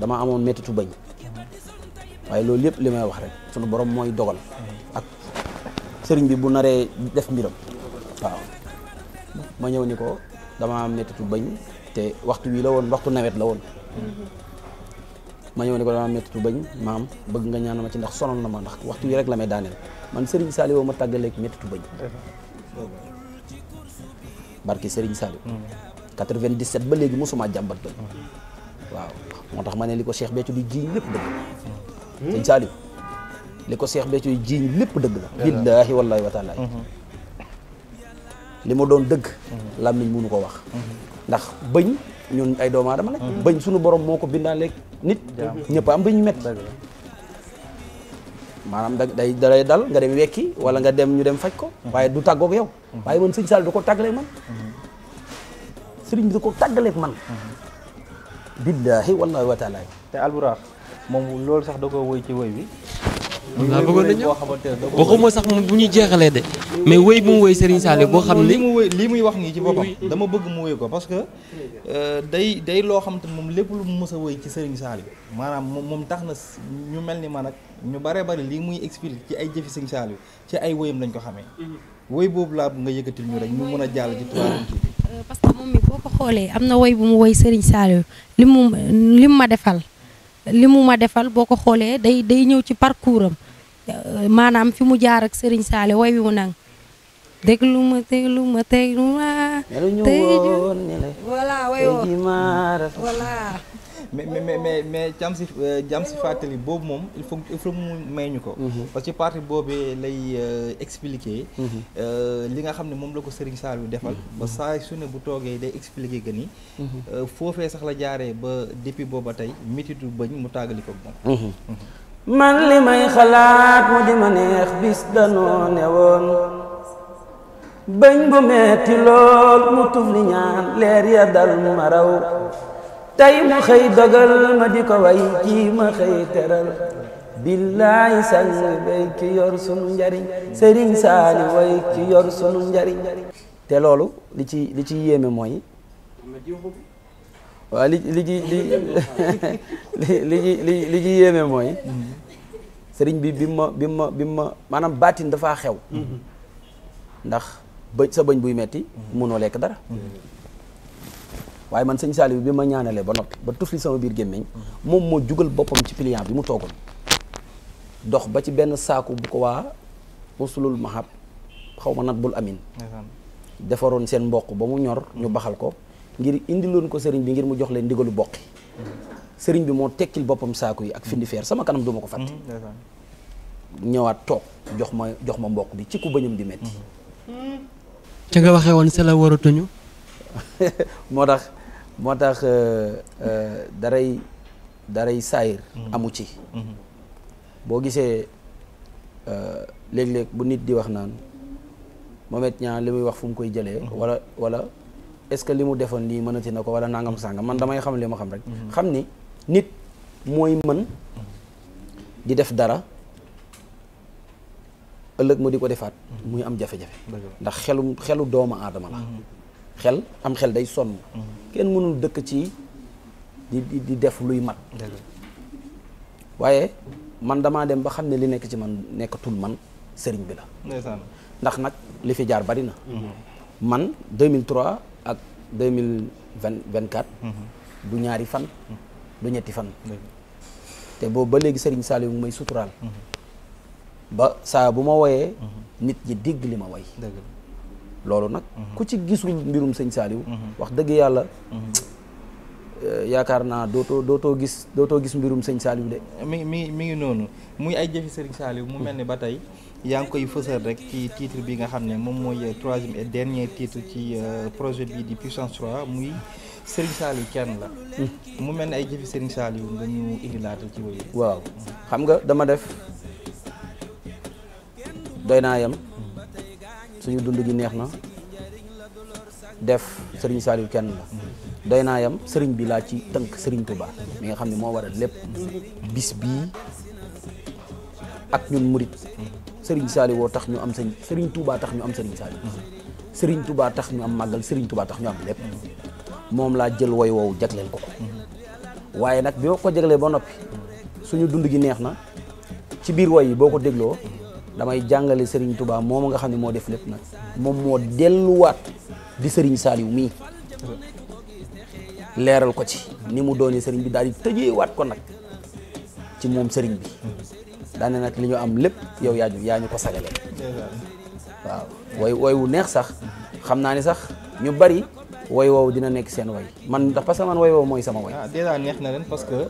dama amoon méttitu bañ waaye loolu yëpp li may wax rek sunu boroom mooy dogal ak sëriñ bi bu naree def mbiram waaw ma ñëw ni ko dama am méttitu bañ te waxtu wii la woon waxtu nawet la woon ma ñëw ni ko dama am méttitu bañ maam bëgg nga ñaan ma ci ndax sonoon na ma ndax waxtu wii rek la may daaneel man sëriñ Saliou ma tàggaleeg méttitu bañ barki sëriñ Saliou hmm. 97 ba léegi mosuma jàmbat dëgg waaw moo tax ma ne li ko seex Béthio di jiiñ lépp dëgg la hmm? sëñ Saliou li ko seex Béthio di jiiñ lépp dëgg la billaahi wallaahi wa hmm. li ma doon dëgg hmm. làmmiñ mënu ko wax ndax bëñ ñun ay doomu aadama lañ bëñ suñu borom moo ko bindaale nit ñëpp am bëñ metti maanaam da day dalay dal nga dem wekki wala nga dem ñu dem faj ko waaye du tàggoog yow waaye man sëñ Saliou du ko tàggalee man sëriñ bi da ko tàggaleeg man billaahi wallaahi wa
taala te alburaax moom loolu sax da ko woy ci woy bi moom laa bëggoon na ñëw waxuma
sax moom bu ñu jeexalee de mais wéy bu mu wéy Serigne Saliou boo xam ne
lii muy wax nii ci boppam dama bëgg mu wéy ko parce que euh, day day loo xam te moom lépp lu mu mës a wéy ci Serigne Saliou maanaam moom tax na ñu mel ni man ak ñu bare bari lii muy explique ci ay jëfi Serigne Saliou ci ay wéyam lañ ko xamee mhm. woy boobu laa bu nga yëkkatil ñu rek ñu mën a jàll ci troisième Euh, parce
que moom mi boo ko xoolee am na woy bu mu woy Serigne Saliou li mu li mu ma defal li mu ma defal boo ko xoolee day day ñëw ci parcours am euh, maanaam fi mu jaar ak Serigne Saliou woy wi mu nang déglu ma déglu ma tey lu ma.
tey voilà mais mais
mais mais jàmm si jàmm si boobu moom il faut il faut mu may ñu ko. Mhm. parce que parti boobu lay euh, mhm. euh, li nga xam ne moom la ko Serigne Saliou defal. Mhm. ba saa su bu toogee day expliquer que ni. Euh, foofee sax la jaaree ba depuis booba tey
mititu bañ mu tàggali ko
moom.
man li may xalaat mu di ma neex
bis danoo ne woon. bañ bu metti lool mu tuf ñaan leer ya dal maraw tey mu xëy njariñ sëriñ saali way ki te loolu li ci li ci yéeme mooy waaw li li ci sëriñ bi bi ma bi ma maanaam baatin dafaa xew mm-hmm. ndax sa bëñ buy metti mm-hmm. mënoo lekk dara
mm-hmm.
waaye man sëñ Saliou bi ma ñaanalee ba noppi ba tufli sama biir gémmiñ moom moo jugal boppam ci client bi mu toogoon dox ba ci benn saaku bu ko waa usulul mahab xaw ma nat bul amin defaroon seen mboq ba mu ñor ñu baxal ko ngir indiloon ko sëriñ bi ngir mu jox leen ndigalu boqi sëriñ bi moo tekkil boppam saaku yi ak findi feer sama kanam duma ko fàtte mhm, ñëwaat toog jox ma jox ma mboq bi ci ku bëñam di metti
mhm. ca nga waxee woon sa la
moo tax moo tax euh, euh, daray daray saayir mm-hmm. amu
ci mm-hmm.
boo gisee euh, léeg-léeg bu nit di wax naan Mohamed ñaan li muy wax fu mu koy jëlee mm-hmm. wala wala est-ce que li mu defoon lii mënati na ko wala nangam sàngam man damay xam li ma xam rek xam ni nit mooy mën di def dara ëllëg mu di ko defaat muy am jafe-jafe ndax xelu xelu doomu aadama la xel am xel day sonn. kenn mënul dëkk ci di di def luy mat. waaye man damaa dem ba xam ne li nekk ci man nekkatul man sëriñ bi la. ndax nag li fi jaar bari na. Mhm. man 2003 ak 2024. Mhm. du ñaari fan. Mhm. du ñetti fan. te boobu ba léegi sëriñ Saliou may suturaal. ba saa bu ma woyee. nit ñi dégg li ma woy. loolu nag mhm. ku ci gisul mbirum sëñ Saliou mhm. wax dëgg yàlla mhm. eh, yaakaar naa dootoo dootoo gis dootoo gis mbirum sëñ Saliou de mi mi mi ngi noonu
muy ay jëfi sëriñ Saliou mu mel ni ba tey yaa ngi koy fësal rek ci titre bi nga xam ne moom mooy eh, troisième et dernier titre ci eh, projet bii di puissance 3 muy Serigne Saliou kenn la. Hmm. mu mel ni ay jëfi Serigne Saliou nga ñu indilaatal ci wéy.
waaw xam nga dama def doy naa yem. suñu dund gi neex na def sëriñ Saliou kenn la doy naa yam sëriñ bi laa ci tënk sëriñ Touba mi nga xam ne moo waral lépp bis bii ak ñun murit sëriñ Saliou woo tax ñu am sëñ sëriñ Touba tax ñu am sëriñ Saliou sëriñ Touba tax ñu am màggal sëriñ Touba tax ñu am lépp moom laa jël woy woowu jagleel ko ko waaye nag bi ma ko jaglee ba noppi suñu dund gi neex na ci biir woy yi boo ko dégloo damay jàngale Serigne Touba moom nga xam ne moo def lépp nag moom moo delluwaat di sëriñ Saliou mii leeral ko ci ni mu doonee sëriñ bi daal di tëjeewaat ko nag ci moom Serigne bi nag li ñu am lépp yow yaa yaa ñu ko sagalee waaw way wu neex sax xam naa ni sax ñu bari way woowu dina nekk seen way man ndax parce que man way woowu mooy sama way. ah
leen parce que.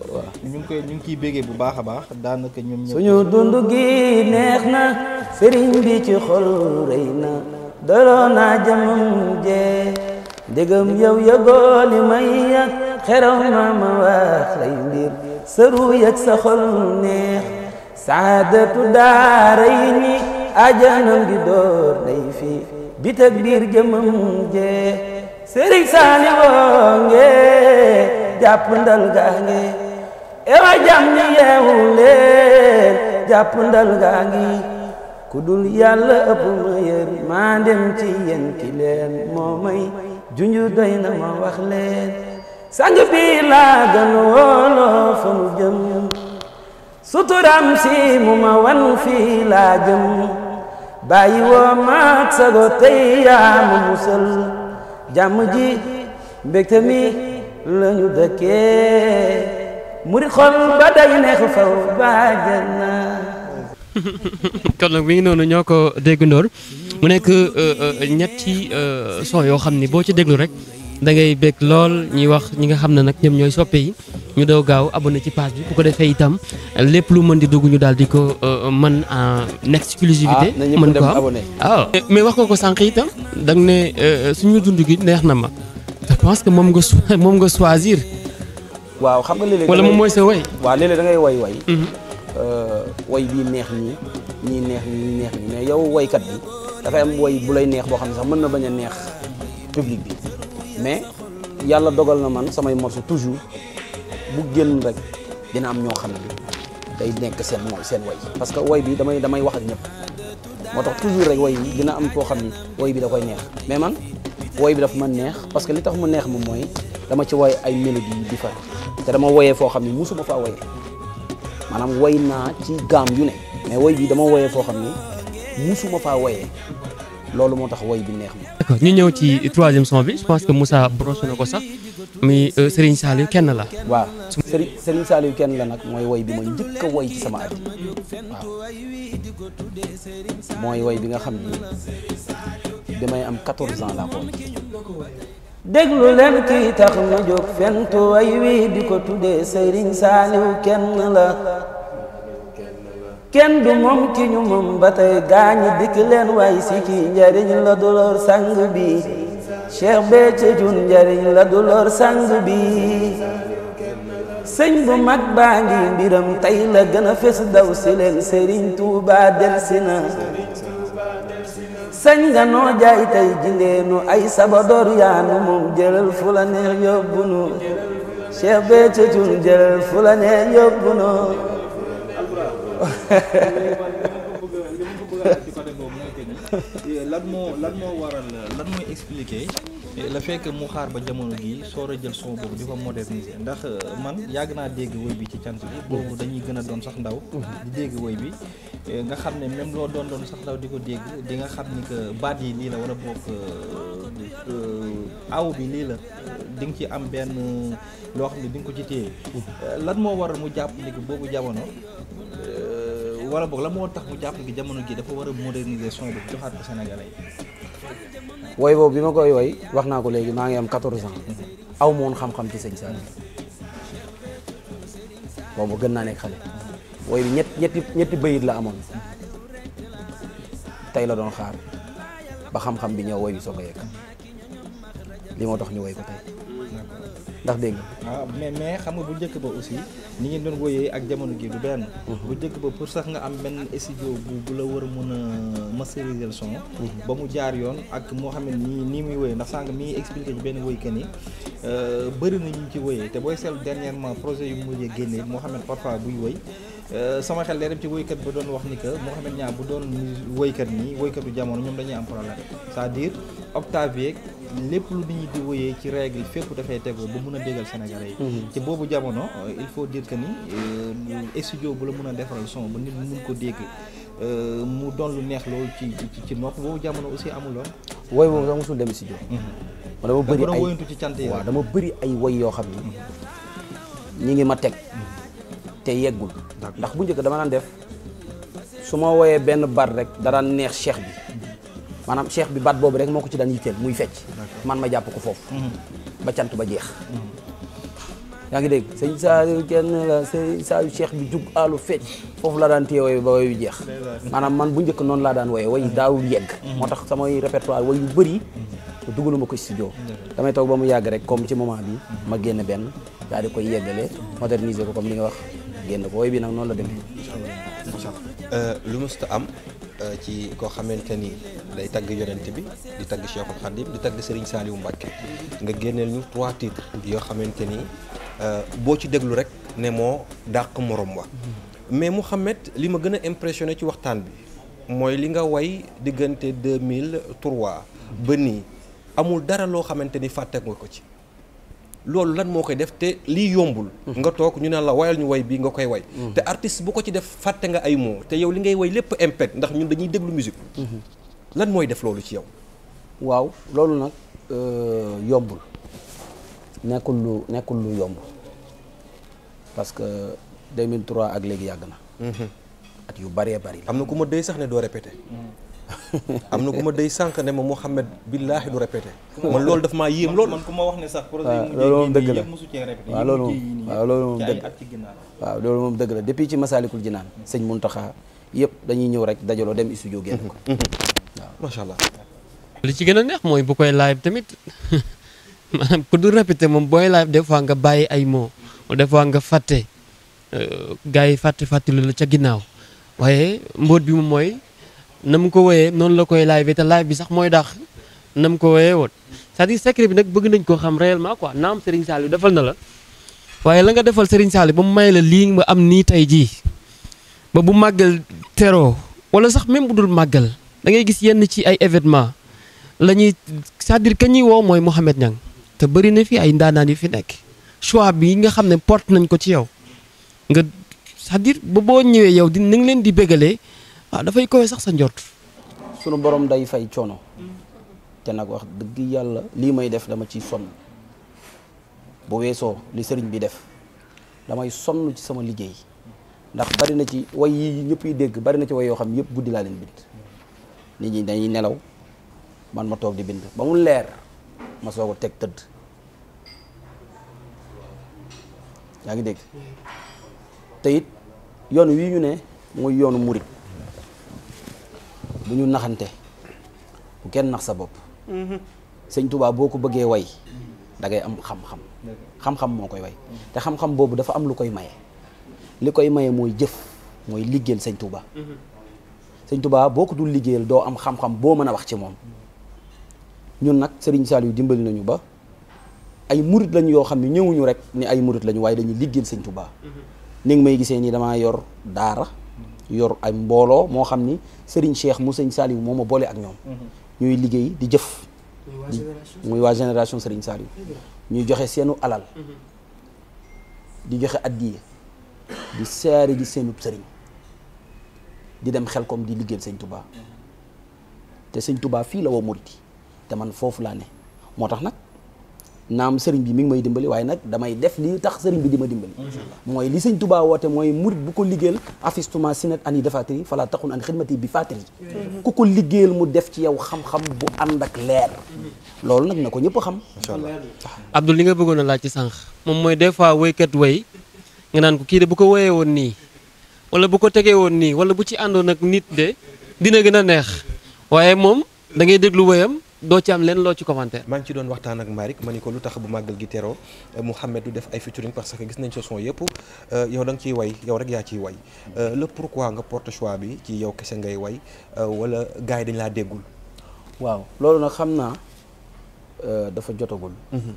ñu ngi koy ñu ngi ciy a baax daanaka ñoom ñëpp. suñu dund gi neex na
sëriñ bi ci xol rëy na daloo naa jamam jee ndegam yow yëgoo may yàq xeraw ma ma wax lay mbir sëru yëg sa xol neex saadatu daara yi ni ajanam gi door day fi bitag biir jëmam jee sëriñ saali woo nge ndal gaa nge ewa jam ñi yeewu leen jàpp ndal gaa ngi ku dul yàlla ëpp ma maa dem ci yéen ki leen moo may junju doy na ma wax sang bi laa gën wooloo fa mu jëm suturam si mu ma wan fii laa jëm bàyyi woo maag sago tey yaa ma musal jàmm ji mbégte mi lañu dëkkee murit xol ba day neex faw baa jël na
kon mi noonu ñoo ko dégg ndoor mu nekk euh, euh, ñetti euh, son yoo xam ni boo ci déglu rek da ngay bég lool ñuy wax ñi nga xam ne nag ñoom ñooy soppee yi ñu daw gaaw abonné ci page bi bu ko defee itam lépp lu mën di dugg ñu daal di ko euh, mën en exclusivité ah, mën ko am ah mais wax nga ko sànq itam da nga ne euh, suñu dund gi neex na ma je que moom nga moom nga choisir
waaw xam nga léeg-léeg wala moom mooy sa way waaw léeg-léeg da ngay way way mhm. euh, way bii neex ñi ñii neex ñi ñii neex ñi mais yow waykat bi dafay am way bu lay neex boo xam ne sax mën na bañ a neex public bi mais yàlla dogal na man samay morceaux toujours bu génn rek dina am ñoo xam ne day nekk seen mooy seen way parce que way bi damay damay wax ak ñëpp moo tax toujours rek way bi dina am koo xam ni way bi da koy neex mais man woy bi daf man neex parce que li tax mu neex ma mooy dama ci woy ay mélodie yu différent te dama woyee foo xam ne musuma faa woyee maanaam woy naa ci gaam yu ne mais woy bi dama woyee foo xam ne musuma faa woyee loolu moo tax woy bi neex ma.
d'accord ñëw ci troisième son bi je pense que Moussa brosse na ko sax muy euh, Serigne Saliou kenn la.
waaw Serigne Serigne Saliou kenn la nag mooy woy bi ma njëkk a woy ci sama at waaw mooy woy bi nga xam ni damay am 14 ans laa ko déglu leen kii tax ma jóg fentu way wi di ko tuddee Serigne Saliou kenn la. kenn du moom ki ñu moom ba tey gaañi dikk leen way si kii njariñ la dulóor sang bi sëñ bu mag baa ngi mbiram tey la gën a fes daw si leen sëriñ Tuuba delsi na sañ nga noo jaay tey jindeenu ay sabadoor yaanu moom jëlal fu la neex yóbbu nu Cheikh Béthio Thioune jëlal fu la neex yóbbu nu
lan moo lan moo waral lan mooy expliquer la fekk mu xaar ba jamono gi soor a jël son boobu di ko moderniser ndax euh, man yàgg naa dégg woy bi ci cant bi boobu dañuy gën a doon sax ndaw di dégg woy bi nga xam ne même loo doon doon sax ndaw di ko dégg di nga xam ni baat yi lii la wala bokk euh, euh, aw bi lii la di nga ci am benn loo xam ne di nga ko ci téye lan moo waral mu jàpp ni que boobu jamono wala boog la moo tax mu jàpp ni que jamono gi dafa war a moderniser son boobu joxaat ko Sénégalais yi
woy boobu bi ma koy woy wax naa ko léegi maa ngi am 14 ans aw moon xam-xam ci sëñ Saliou boobu gën naa nekk xale woy bi ñett ñetti ñetti bayit la amoon tey la doon xaar ba xam-xam bi ñëw woy bi soo ko yegg li moo tax ñu woy ko tey ndax dégg
waaw ah, mais mais xam nga bu njëkk ba aussi ni ngeen doon wooyee ak jamono gi du benn mhm. bu njëkk ba pour sax nga am benn studio bu bu la war a mën a masteriser son mhm. ba mu jaar yoon ak moo xam ne nii nii muy ndax sànq mi ngi expliqué ci benn woykat ni euh, bëri na ñu ci wooyee te booy seetlu dernièrement projet yu mujjee moo xam ne parfois buy woy Euh, sama xel day dem ci woykat ba doon wax ni que Mouhamed Niang bu doon woykat nii woykatu jamono ñoom dañuy am problème c'est-à-dire octave yeeg lépp lu nit ñi di woyee ci règle fépp dafay tegoo ba mun a déggal Sénégalais yi ci mhm. boobu jamono euh, il faut diir que ni euh, studio bu la mun a defaral son ba nit mun ko dégg mu doon lu neex loolu ci ci nopp boobu jamono aussi amuloon woy boobu sax
mosul dem studio ma mhm. dama bëri dama bëri ay woy yoo xam ni mhm. ñi ngi ma teg te yeggul ndax bu njëkk dama daan def su ma woyee benn baat rek da daan neex cheikh bi maanaam cheikh bi baat boobu rek moo ko ci daan yitteel muy fecc man ma jàpp ko foofu mhm. ba cant ba jeex mhm. yaa ngi dégg sëñ Saliou kenn la sëñ Saliou bi jug alu fecc foofu la daan téye woy ba woyu jeex maanaam man bu njëkk noonu laa daan woye way daawul yegg mhm. moo tax samay répertoire way yu bëri dugaluma ko studio damay taw ba mu yàgg rek comme ci moment bi ma génn benn daal di koy wax génn ko woy bi nag noonu la demee.
incha allah euh, lu musta am euh, ci koo xamante ni day tagg yonent bi di tagg Cheikhul Khadim di tagg Serigne Saliou Mbacke nga génneel ñu trois titres yoo xamante ni euh, boo ci déglu rek ne moo dàq morom wa mais Mouhamed li ma gën a impressionné ci waxtaan bi mooy li nga way diggante 2003 ba nii amul dara loo xamante ni fàtte nga ko ci. loolu lan moo koy def te lii yombul hmm. nga toog ñu ne la wayal ñu way bii nga koy woy hmm. te artiste bu ko ci def fàtte nga ay moo te yow li ngay way lépp impact ndax ñun dañuy déglu musique hmm. lan mooy def loolu ci yow waaw loolu nag euh,
yombul nekkul lu nekkul lu yomb parce que 2003 ak léegi yàgg na at yu bëree bari la am na ku
ma déy sax ne doo répété am na ku ma day sànq ne ma Mouhamed billaahi du répété. man loolu daf ma yéem loolu. man ku ma wax ne sax projet ah, yi mu dëgg la waaw loolu moom
waaw loolu moom dëgg waaw loolu moom dëgg la depuis ci Masaalikul Jinaan sëñ Muntaxa dañuy ñëw rek dajaloo dem studio
génn ko.
Mm-hmm.
waaw macha allah. li ci gën a neex mooy bu koy live tamit maanaam ku du répété moom booy live des fois nga bàyyi ay mots des fois nga fàtte euh, gars yi fàtte fàttali la ca ginnaaw waaye mbóot bi moom mooy. na mu ko woyee noonu la koy live te live bi sax mooy daax na mu ko woyee woon c'est-à-dire bi nag bëgg nañ koo xam réellement quoi naam Serigne Saliou defal na la waaye la nga defal Serigne Saliou ba mu may la lii ma am nii tey jii ba bu màggal tero wala sax même bu dul màggal da ngay gis yenn ci ay événement la ñuy c'est-à-dire que ñuy woo mooy Mouhamed Niang te bëri na fi ay ndaanaan yu fi nekk choix bi nga xam ne porte nañ ko ci yow nga sax à dire ba boo ñëwee yow di na leen di bégalee Ah, dafay koy sax sa njort.
sunu borom day fay coono. te nag wax dëgg yàlla lii may def dama ciy sonn bu weesoo li sëriñ bi def damay sonn ci sama liggéey ndax bari na ci way yi ñëpp yi dégg bari na ci way yoo xam yëpp guddi laa leen bind. nit ñi dañuy nelaw man ma toog di bind ba mu leer ma soog a teg tëdd yaa ngi dégg te yoon wi ñu ne mooy yoonu murit bu ñu naxante bu kenn nax sa bopp. Mhm. sëñ tubaa boo ko bëggee way dangay am xam-xam. xam-xam moo koy way te xam-xam boobu dafa am lu koy maye. li koy maye mooy jëf mooy liggéeyal sañ Touba. sëñ Touba mhm. boo ko dul liggéeyal doo am xam-xam boo mën a wax ci moom. ñun nag Serigne Saliou dimbali nañu ba ay murit lañu yoo xam ne ñëwuñu rek ni ay murit lañu waaye dañuy liggéeyal sëñ Touba. Mhm. ni may gisee nii damaa yor daara. yor ay mbolo mo xamni Serigne Cheikh mu Serigne Saliou moo ma ak ñom ñuy liggéey di jëf. muy wa génération Serigne Saliou. ñuy joxe senu alal. di joxe addiya di saari di senu Serigne di dem xel kom di liggéey serigne Touba. te serigne Touba fi la wo Mouride te man fofu la ne motax nak naam sëriñ bi mi ngi may dimbali waaye nag damay def li tax sëriñ bi di ma dimbali mooy li sëñ Tuubaa woote mooy murit bu ko liggéeyal afistuma sinat an yi defatiri fala taxun an xidmati bi fatiri ku ko liggéeyal mu def ci yaw xam-xam bu ànd ak leer loolu nag na ko ñëpp xam
inshallah Abdou li nga bëggoon a laaj ci sànq moom mooy des fois woykat way nga naan ko kii de bu ko woyee woon nii wala bu ko tegee woon nii wala bu ci àndoon ak nit de dina gën a neex waaye moom da ngay déglu woyam doo ci am leen loo ci commentaire. maa ngi ci doon waxtaan ak
Marick ma ni ko lu tax bu màggal gi teroo Mouhamed du def ay featuring parce que gis nañ sa son yëpp euh, yow da nga ciy way yow rek yaa ciy way euh, le pourquoi nga porte choix bi ci yaw kese ngay way euh, wala gars yi dañ laa déggul. waaw loolu nag xam naa dafa
jotagul. Mhm.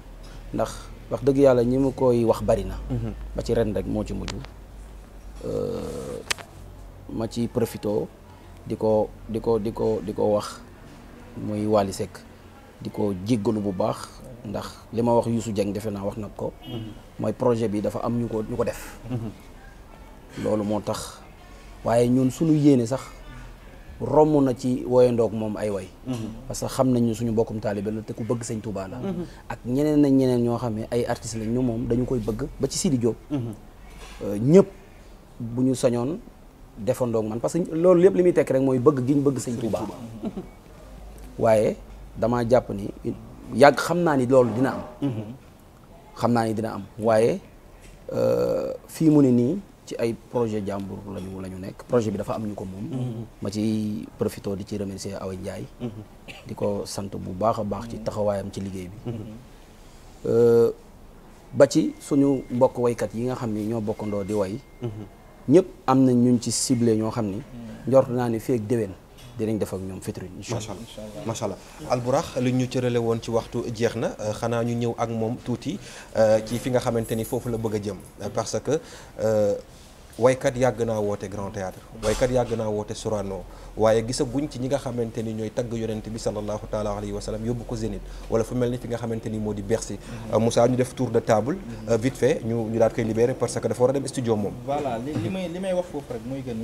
ndax wax dëgg yàlla ñi mu koy wax bari na. Mhm. ba ci ren rek moo ci mujj. ma ci profito di ko di ko di ko di ko wax. muy Wally Seck di ko jéggalu bu baax ndax li ma wax Youssou Dieng defe naa wax nag ko mooy projet bi dafa am ñu ko ñu ko def loolu moo tax waaye ñun suñu yéene sax romb na ci woyandoog moom ay way parce que xam nañu suñu bokkum taalibe la te ku bëgg sañ Touba la ak ñeneen ñoo xam ne ay artistes lañ ñu moom dañu koy bëgg ba ci Sidi Diop
euh,
ñëpp bu ñu sañoon defandoog man parce que loolu lépp li muy tekk rek mooy bëgg gi bëgg sëñ waaye dama jàpp ni yàgg xam naa ni loolu dina am. Mhm. xam naa ni dina am waaye euh, fii mu ne nii ci ay projet jàmbur lañu la ñu nekk projet bi dafa am ñu ko moom. Mhm. ma ci profité di ci remercier Awa Ndiaye. Mhm. di ko sant bu baax a baax ci taxawaayam ci liggéey bi. Euh, ba ci suñu mbokk waykat yi nga xam ni ñoo bokkandoo di way. ñëpp am nañ ñu ci ciblé ñoo xam ni. njort naa ni feeg déwén.
dinañ def ak ñom vitrine inshallah allah macha allah li ñu cërele won ci waxtu jeexna xana ñu ñëw ak mom touti ci fi nga xamanteni fofu la bëgg jëm parce que waykat yag na wote grand théâtre waykat na wote woote waye gisa gisaguñ ci ñi nga xamante ni ñooy tagg yonent bi sallallahu taala alayhi wa sallam yóbbu ko Zénith wala fu melni fi nga xamanteni modi Bercy Moussa ñu def tour de table vite fait ñu ñu daal koy libérer parce que dafa wara dem studio mom
voilà li may li may wax fofu rek moy gën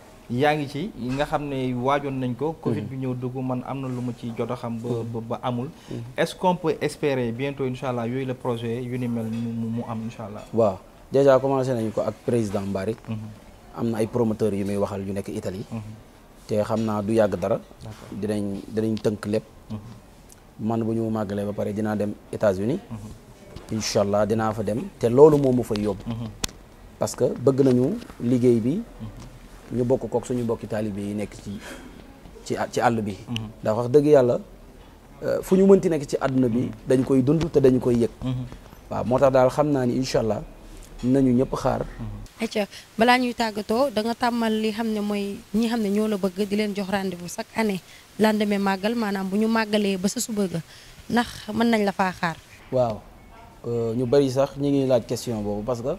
yaa ngi ci yi nga xam ne waajoon nañ ko mhm. Covid bi ñëw dugg man am na lu ma ci jot a xam ba mhm. ba amul mhm. est-ce qu'on peut espérer bientôt incha yooyu la projet yu ni mel mu am incha allah
waaw déjà commencé nañu ko ak président Mbarick am na ay promoteurs yu muy waxal yu nekk Italie te xam naa du yàgg dara dinañ dinañ tënk lépp man bu ñu màggalee ba pare dinaa dem États-Unis incha allah dinaa fa dem te loolu moom mu fay yóbbu parce que bëgg nañu liggéey bi ñu bokk kook suñu mbokki taalibe yi nekk ci ci ci àll bi mhm. ndax wax dëgg yàlla euh, fu ñu mënti nekk ci àdduna bi mhm. dañ koy dund te dañu koy yëg mhm. waaw moo tax daal xam naa ni incha allah nañu ñëpp xaar
acca balaa ñuy tàggatoo danga nga tàmmal li xam ne mooy ñi xam ne ñoo la bëgg di leen jox rendez-vous chaque année lendemain màggal maanaam bu ñu màggalee ba sa suba ga ndax mën nañ la faa xaar
waaw euh, ñu bëri sax ñi ngi laaj question boobu parce que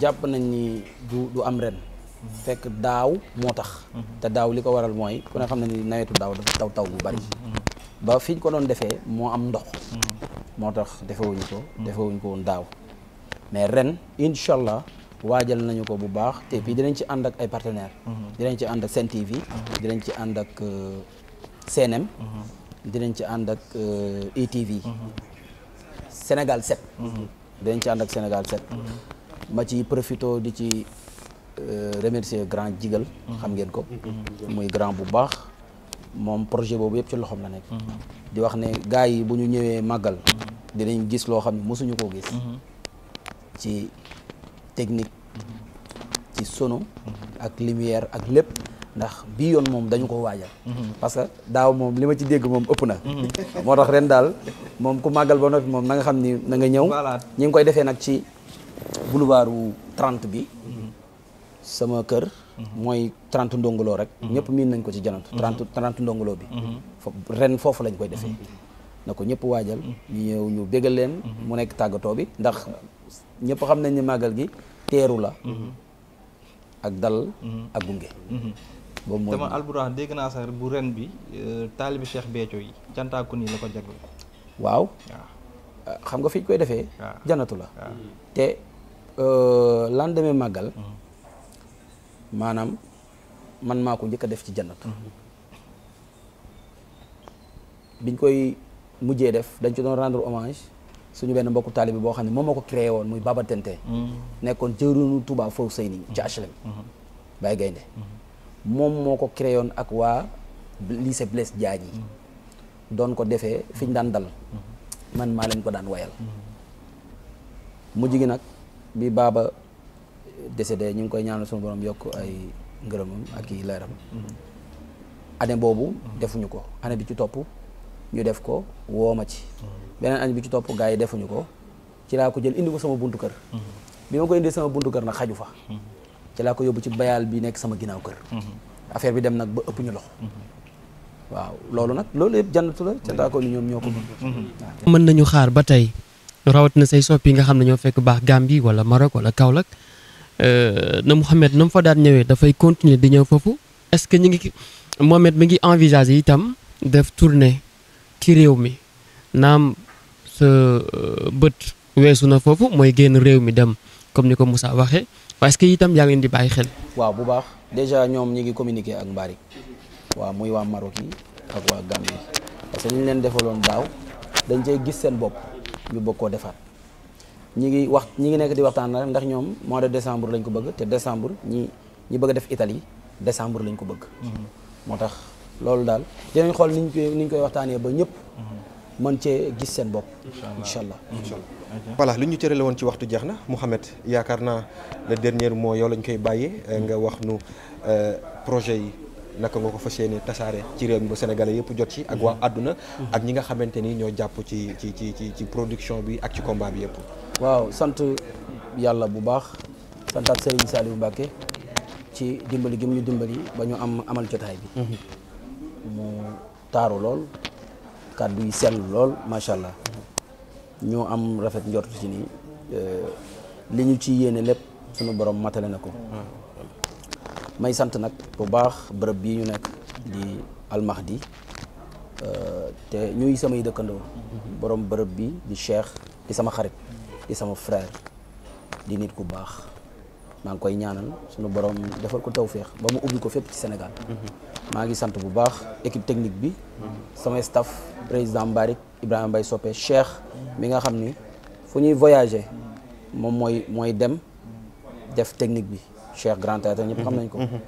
jàpp nañ ni du du am ren fekk daaw moo tax. Mhm. te daaw li ko waral mooy ku ne xam ne ni nawetu daaw dafa taw taw bu bari. Mhm. Mhm. ba fi ñu ko doon defee moo am ndox. moo tax defewuñ ko. defewuñ ko woon daaw. mais ren incha allah waajal nañu ko bu baax te puis dinañ ci ànd ak ay partenaires. dinañ ci ànd ak Sen TV. dinañ ci ànd ak euh, CNM. dinañ ci ànd ak ETV. Euh, e Sénégal 7. dinañ ci ànd ak Sénégal 7. ma ci profito di ci. Euh, remercier grand jigal mhm. xam ngeen ko mhm. Mhm. muy grand bu baax moom projet boobu yëpp ci loxoom la nekk di wax ne gars yi bu ñu ñëwee màggal dinañ gis loo xam ne mosuñu ko gis ci technique ci sono ak lumière ak lépp ndax bii yoon moom dañu ko waajal parce que daaw moom li ma ci dégg moom ëpp na moo tax ren daal moom ku màggal ba noppi moom na nga xam ni na ñëw ñi ngi koy defee nag ci boulevard 30 bi sama kër mooy trente ndongoloo rek mhm. ñëpp miin nañ ko ci janatu mhm. trente trente ndongoloo bi mhm. ren foofu lañ koy defee na ko ñëpp waajal ñu ñëw ñu bégal leen mu nekk tàggatoo bi ndax ñëpp xam nañ ne màggal gi teeru la ak dal ak gunge boobu mooy dama
alburaax dégg naa sax bu ren bi euh, taalibi Cheikh Béthio yi cantaaku nii la ko jagle
waaw ah, xam nga fi ñu koy defee janatu la te euh, lendemain màggal maanaam man maa ko njëkk a def ci jannatu mhm. biñ koy mujjee def dañ ci doon rendre hommage suñu benn mbokku taalib boo xam ne moom moo ko créé woon muy Baba Tente mhm. nekkoon jëwriñu Touba foofu sëy nii ci HLM mhm. Baye Gaynde moom moo ko créé woon ak waa lycée Blaise Diagne yi doon ko defee fiñ daan dal man maa leen ko daan wayal mujj gi nag bi Baba décédé ñu ngi koy ñaanal suñu borom yokk ay ngërëmam ak i leeram mm-hmm. année boobu mm-hmm. defuñu ko année bi ci topp ñu def ko woo ma ci mm-hmm. beneen année bi ci topp gars yi defuñu ko ci laa ko jël indi ko sama buntu kër bi ma ko indi sama buntu kër nag xaju fa ci laa ko yóbbu ci bayaal bi nekk sama ginnaaw kër affaire bi dem nag ba ëpp ñu loxo waaw loolu nag loolu yëpp jannatu la ca daa ko ni ñoom ñoo ko
mën nañu xaar ba tey rawatina say soppi nga xam ne ñoo fekk baax Gambie wala Maroc wala Kaolack Euh, na Mouhamed na mu fa daan ñëwee dafay continuer di ñëw foofu est-ce que ñu ngi Mouhamed mi ngi envisager itam def tournée ci réew mi naam sa euh, bët weesu na foofu mooy génn réew mi dem comme ni ko Moussa waxee waaye est que itam yaa ngi di bàyyi xel. waaw bu
baax déjà ñoom ñu ngi communiquer ak Mbari waaw muy waa Maroc yi ak waa Gambie parce que ñu leen defaloon daaw dañ cey gis seen bopp ñu bëgg koo defaat. ñi ngi wax ñi ngi nekk di waxtaan na ndax ñoom mois de décembre lañ ko bëgg te décembre ñi ñi bëgg a def Italie décembre lañ ko bëgg mhm. moo tax loolu daal dinañ xool niñ koy niñ
koy waxtaanee ba ñëpp man mhm. cee gis seen bopp incha allah mhm. voilà li ñu cërale woon ci waxtu jeex na Mouhamed yaakaar naa le dernier mot yow lañ koy bàyyee nga wax nu euh, projet yi naka nga ko fas yéene tasaare ci réew mi ba sénégalais yëpp jot ci ak waa àdduna ak ñi nga xamante ni ñoo jàpp ci ci ci ci production bi ak ci combat bi yëpp Wow, sant yalla bu baax ak Serigne salim mbake
ci dimbali gi mu dimbali ba ñu am amal jotaay bi mhm. mu taru lol kaddu yi sell lol macha allah am rafet ndort ci ni eh, li ñu ci yene lepp suñu borom matale nako mhm. may sant nak bu baax bërëb bi ñu nekk di euh té ñuy samay mhm. borom bërëb bi di cheikh di sama xarit di sama frère di nit ku baax maa ngi koy ñaanal suñu borom defal ko tawféex ba mu ubbi ko fépp ci Sénégal. Mhm. maa ngi sant bu baax équipe technique bi. Mhm. sama staff président Mbarik Ibrahima Baye Soppe Cheikh mi nga xam ni fu ñuy voyager moom mooy mooy dem def technique bi Cheikh Grand Théâtre ñëpp xam nañ ko. Mhm.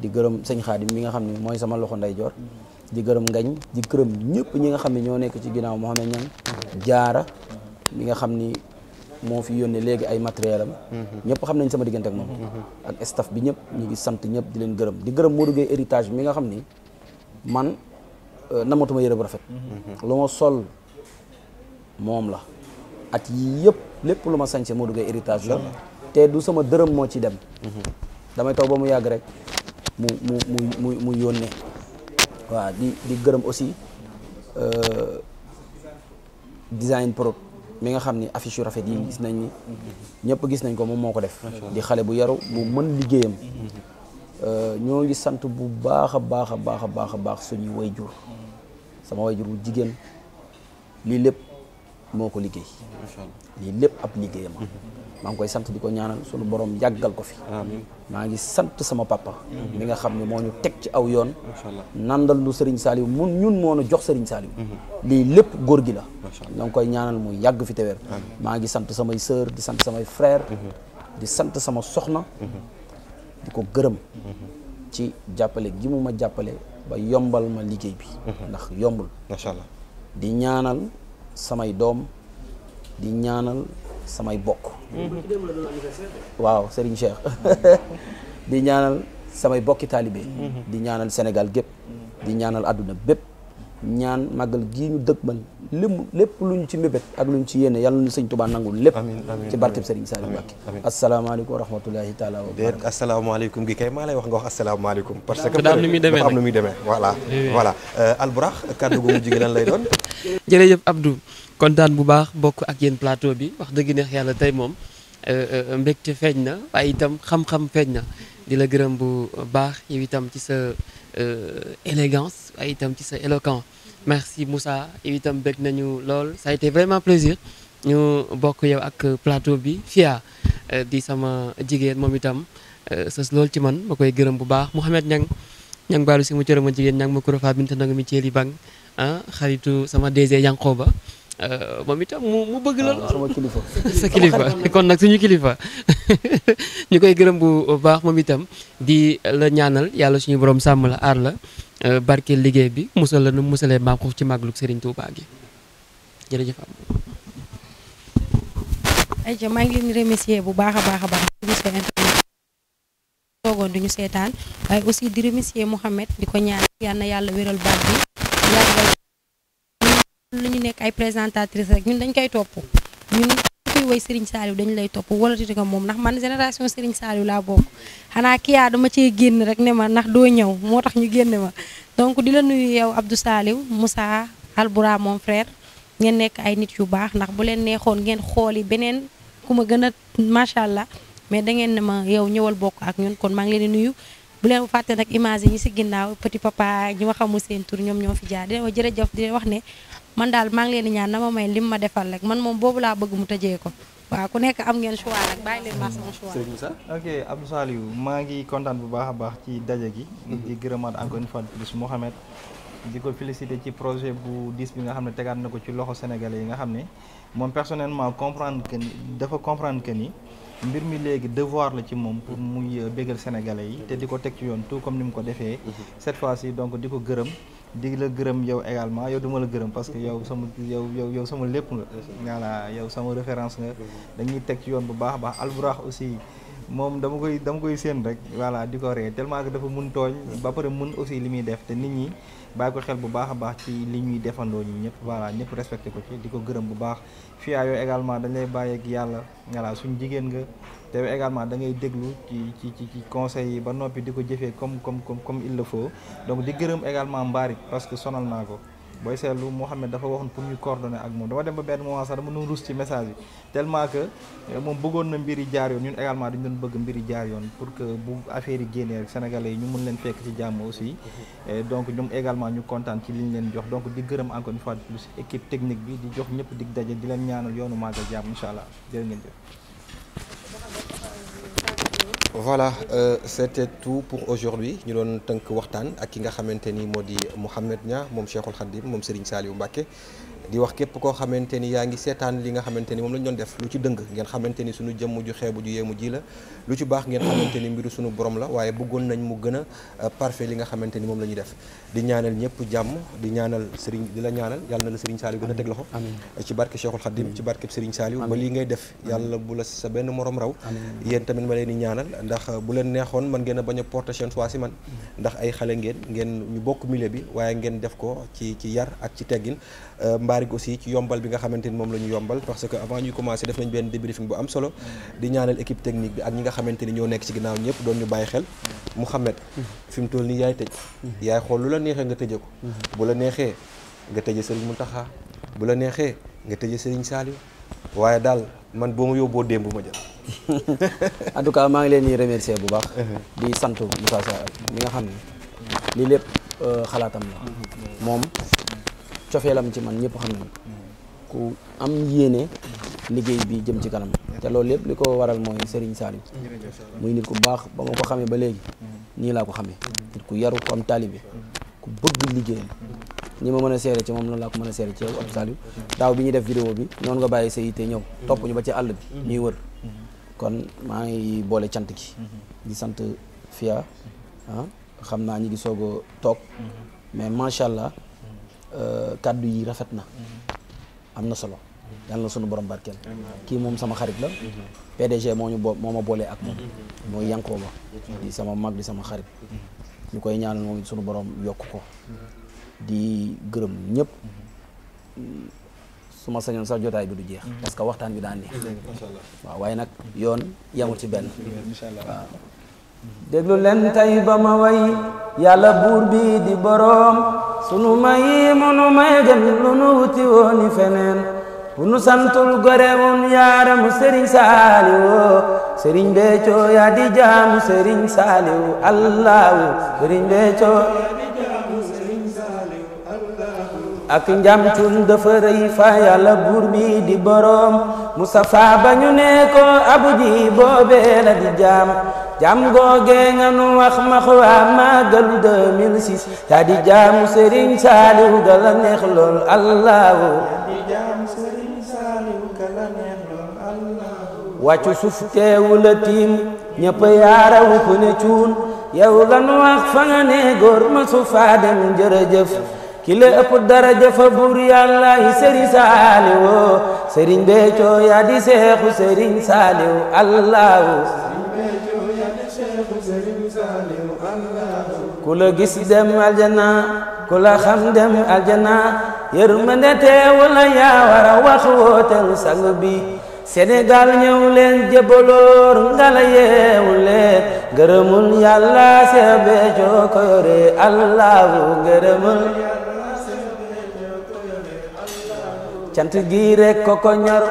di gërëm Seigne Khadim mi nga xamni moy sama loxo nday jor di gërëm ngañ di gërëm ñëpp ñi nga xamni ño ñoo nekk ci ginaaw Mohamed Niang Diara mi nga xamni moo fi yónnee léegi ay matériel am mhm. ñëpp xam nañ sama diggante ak moom mhm. ak staff bi ñëpp ñu ngi sant ñëpp di leen gërëm di gërëm Modou Gueye héritage mi nga xam ni man euh, namatuma yére bu rafet mhm. sol moom la at yii yëpp lépp lu ma sañse Modou Gueye la te du sama dërëm moo ci dem damay taw ba mu yàgg rek mu mu mu mu yónnee waaw di di gërëm aussi euh, design pro mi nga xam ni affiche yu rafet yi mm-hmm. gis nañ ni mm-hmm. ñëpp gis nañ ko moom moo ko def di xale bu yaru bu mën liggéeyam mm-hmm. euh, ñoo ngi sant bu baax a baax a baax a baax a baax suñu wayjur sama wayjur bu jigéen lii lépp moo ko liggéey lii lépp ab liggéeyam maa ngi koy sant di ñaanal suñu borom yàggal ko fi santu ngi sante sama papa mi nga xamni ne moo ñu teg ci aw yoon nandal lu Serigne saliw mun ñun moo nu jox Serigne saliw mhm. li lepp gor gui la ñoo koy ñaanal mu yag fi tewer ma ngi sante sama sœur di santu sama frère mhm. di santu sama soxna mhm. di gëreum ci jappalé gi mu ma jappalé ba yombal ma liggéey bi ndax yombul inshallah di ñaanal sama dom di ñaanal samay bokk.
Mm-hmm.
waaw Serigne Cheikh mm-hmm. di ñaanal samay bokki taalibe mm-hmm. di ñaanal Sénégal gépp di ñaanal àdduna bépp ñaan màggal gii ñu dëgmal lépp lépp lu ñu ci mbébét ak lu ñu ci yéene yàlla na sëñ Tuubaa nangul lépp
ci barkeb Serigne Saliou Mbacké asalaamaaleykum wa rahmatulahi taala wa barakatuh asalaamaaleykum gi kay maa lay wax nga wax asalaamaaleykum parce que dafa am nu muy demee voilà voilà euh, alburax kàddu lay doon
jërëjëf Abdou kontaan bu baax bokk ak yéen plateau bi wax dëgg neex yàlla tey moom euh, euh, euh, mbégte feeñ na waaye itam xam-xam feeñ na di la gërëm bu baax yow itam ci sa élégance waaye itam ci sa éloquence merci Moussa yow itam bég nañu lool ça été vraiment plaisir ñu bokk yow ak plateau bi fia di sama jigéen moom itam sa lool ci man ma koy gërëm bu baax Mouhamed Niang Niang baalu si mu cërë ma jigéen Niang ma kuro fa binte nanga mi thieli bang ah xaritu sama DG ba euh, moom itam mu mu bëgg la ah, sama kilifa sa kilifa kon nag suñu kilifa ñu koy gërëm bu baax moom itam di la ñaanal yàlla suñu borom sàmm la aar la euh, barkeel liggéey bi musal la nu musalee maam ci màggalu Serigne Touba gi jërëjëf am
ayca bu baax a baax a baax toogoon duñu seetaan waaye aussi di remercier Mouhamed di ko ñaan yal yàlla wéral baat bi lu ñu nekk ay présentatrice rek ñun dañ koy topp ñun kuy woy Serigne Saliou dañ lay topp wala tuuti ko moom ndax man génération Serigne Saliou laa bokk xanaa kiyaa dama cee génn rek ne ma ndax doo ñëw moo tax ñu génne ma donc di la nuyu yow Abdou saaliw Moussa Alboura mon frère ngeen nekk ay nit yu baax ndax bu leen neexoon ngeen xooli beneen ku ma gën a macha allah mais da ngeen ne ma yow ñëwal bokk ak ñun kon maa ngi leen nuyu bu leen fàtte nag image yi ñi si ginnaaw petit papa ñi ma xamul seen tur ñoom ñoo fi jaar di leen wax jërëjëf di wax ne man daal maa leen di ñaan na ma may lim ma defal rek man moom boobu laa bëgg mu tëjee ko waaw ku nekk am ngeen choix nag bàyyi leen ma sama choix.
sëñ maa ngi kontaan bu baax a baax ci daje gi. Mhm. di gërëmaat encore une fois de plus di ko féliciter ci projet bu diis bi nga xam ne tegaat na ko ci loxo sénégalais yi nga xam ne moom personnellement comprendre que dafa comprendre que ni. mbir mi léegi devoir la ci moom pour muy euh, bégal sénégalais yi te di ko teg ci yoon tout comme ni mu ko defee mhm. cette fois ci donc di ko gërëm di la gërëm yow également yow duma la gërëm parce que yow sama yow yow yow sama lépp nga voilà yow sama référence nga mhm. dañuy teg ci yoon bu baax a baax alburax aussi moom dama koy dama koy séen rek voilà di ko ree tellement que dafa mun tooñ ba pare mun aussi li muy def te nit ñi bàyyi ko xel bu baax a baax ci li ñuy defandoo ñu ñëpp voilà ñëpp respecté ko ci di ko gërëm bu baax fii yooyu également dañ lay bàyyi yàlla voilà suñu jigéen nga te également da ngay déglu ci ci ci conseils yi ba noppi di ko jëfee comme comme comme comme il le faut donc di gërëm également mbaari parce que sonal naa ko booy seetlu Mouhamed dafa waxoon pour ñu coordonner ak moom dama dem ba benn moment sax dama doon rus ci message bi tellement que eh, moom bëggoon na mbir jaar yoon ñun également dañu bëgg jaar yoon pour que bu affaire yi génnee rek sénégalais yi ñu mun leen fekk ci jàmm aussi eh, donc ñoom également ñu kontaan ci li ñu leen jox donc di encore une fois plus équipe technique bi di jox ñëpp dig daje di leen ñaanal yoonu màggal jàmm incha allah ngeen
jëf
voilà euh, c'était tout pour aujourd'hui ñu doon tënk waxtaan ak ki nga xamante ni moo di Mouhamed Niang moom Cheikhul Khadim moom Serigne Saliou Mbake. di wax képp koo xamante ni yaa ngi seetaan li nga xamante ni moom lañ doon def lu ci dëng ngeen xamante suñu jëmm ju xeebu ju yéemu ji la lu ci baax ngeen xamante ni mbiru sunu borom la waaye bëggoon nañ mu gën a euh, parfait li nga xamante moom la ñuy def di ñaanal ñëpp jàmm a teg loxo def yàlla bu la benn morom raw yéen tamit di ñaanal ndax euh, bu a bañ a porter seen choix si man mm. ndax ay xale ngeen ngeen bi ko ci ci yar ak ci teggin euh, mbaarig aussi ci yombal bi nga xamante moom la ñu yombal parce que avant ñuy commencer def nañ benn débriefing bu am solo mm. di ñaanal équipe technique bi ak ñi nga xamante ni ñoo nekk ci ginnaaw ñëpp doon ñu bàyyi xel Mouhamed fi mu toll nii yaay tëj yaay xool lu la neexee nga tëje ko bu la neexee nga tëje Serigne Mountakha bu la neexee nga tëje Serigne Saliou waaye daal man boo ma yóbboo démb ma jël en tout cas maa ngi leen di remercier bu baax uh-huh. di sant Moussa
Sarr mi nga xam ne lii lépp euh, xalaatam la uh-huh. moom cofeelam ci man ñëpp xam nañ ku am yéene liggéey bi jëm ci kanam te loolu lépp li ko waral mooy Serigne Saliou muy nit ku baax ba ma ko xamee ba léegi nii laa ko xamee nit ku yaru ku am taalibe ku bëgg liggéeyam ñi ma mën a seere ci moom noonu laa ko mën a seere ci yow ab Saliou bi ñuy def vidéo bi noonu nga bàyyi sa yitte ñëw topp ñu ba ci àll bi ñuy wër kon maa ngi boole cant gi di sant Fia ah xam naa ñi ngi soog toog mais macha allah euh, kàddu yi rafet na am na solo yàlla na sunu borom barkeel kii moom sama xarit la mhm. PDG moo ñu bo moo ma boolee ak moom mhm. mooy Yankooba di sama mag di sama xarit mhm. ñu koy ñaan moom sunu borom yokk ko di gërëm ñëpp suma ma sax jotaay bi du jeex parce que waxtaan bi daan neex waaw waaye nag yoon yamul ci benn waaw déglu leen tey ba ma way yàlla buur bi di boroom sunu mayi munu may gën lu nu wuti wooni feneen bu nu santul gorewun yaaramu sëriñ saaliwu sëriñ Béthio yaa di jaamu sëriñ saaliwu allahu sëriñ Béthio ak njamtul dafa rëy fa yàlla buur bi di boroom Mustafa ba ñu ne ko abu ji boobee la di jaam jaam googee nga nu wax max waa màggalu 2006 yaa di jaamu sëriñ saaliwu ga la neex lool allahu wàccu suuf teewu la tiim ñëpp yaarawu ku ne cuun yow lan wax fa ne góor ma su dem jërëjëf ki la ëpp daraja fa buur yàlla yi sëriñ saaliwo sëriñ beecoo seexu sëriñ saaliw allahu ku la gis dem aljana ku la xam dem aljana yërmande teewu la yaa war a wax wootel sang bi Sénégal ñëw leen jëbaloor nga la ngërëmul yàlla Seex Béthio ko yore allahu ngërëmul cant gi rek ko ko ñor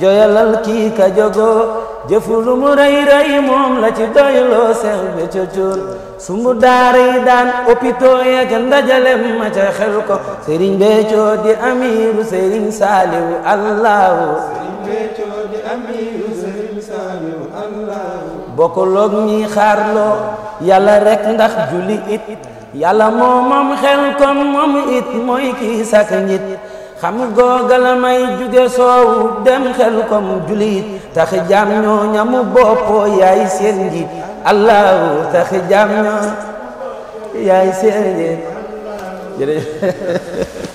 joyalal kii ka jogo jëfu lu mu rëy rëy moom la ci doyloo Seex Béthio Thioune su mu daara yi daan opito ma ca xel ko Serigne Béthio di amiru Serigne Saliou allahu bokkaloog ñi xaarloo yàlla rek ndax julli it yàlla moo moom xel kom moom it mooy kii sàkk nit xam googa may juge soowu dem xel kom julli it tax jaam ñoo ñamu boppoo yaay seen njiit allahu tax jaam ñoo
yaay seen njiit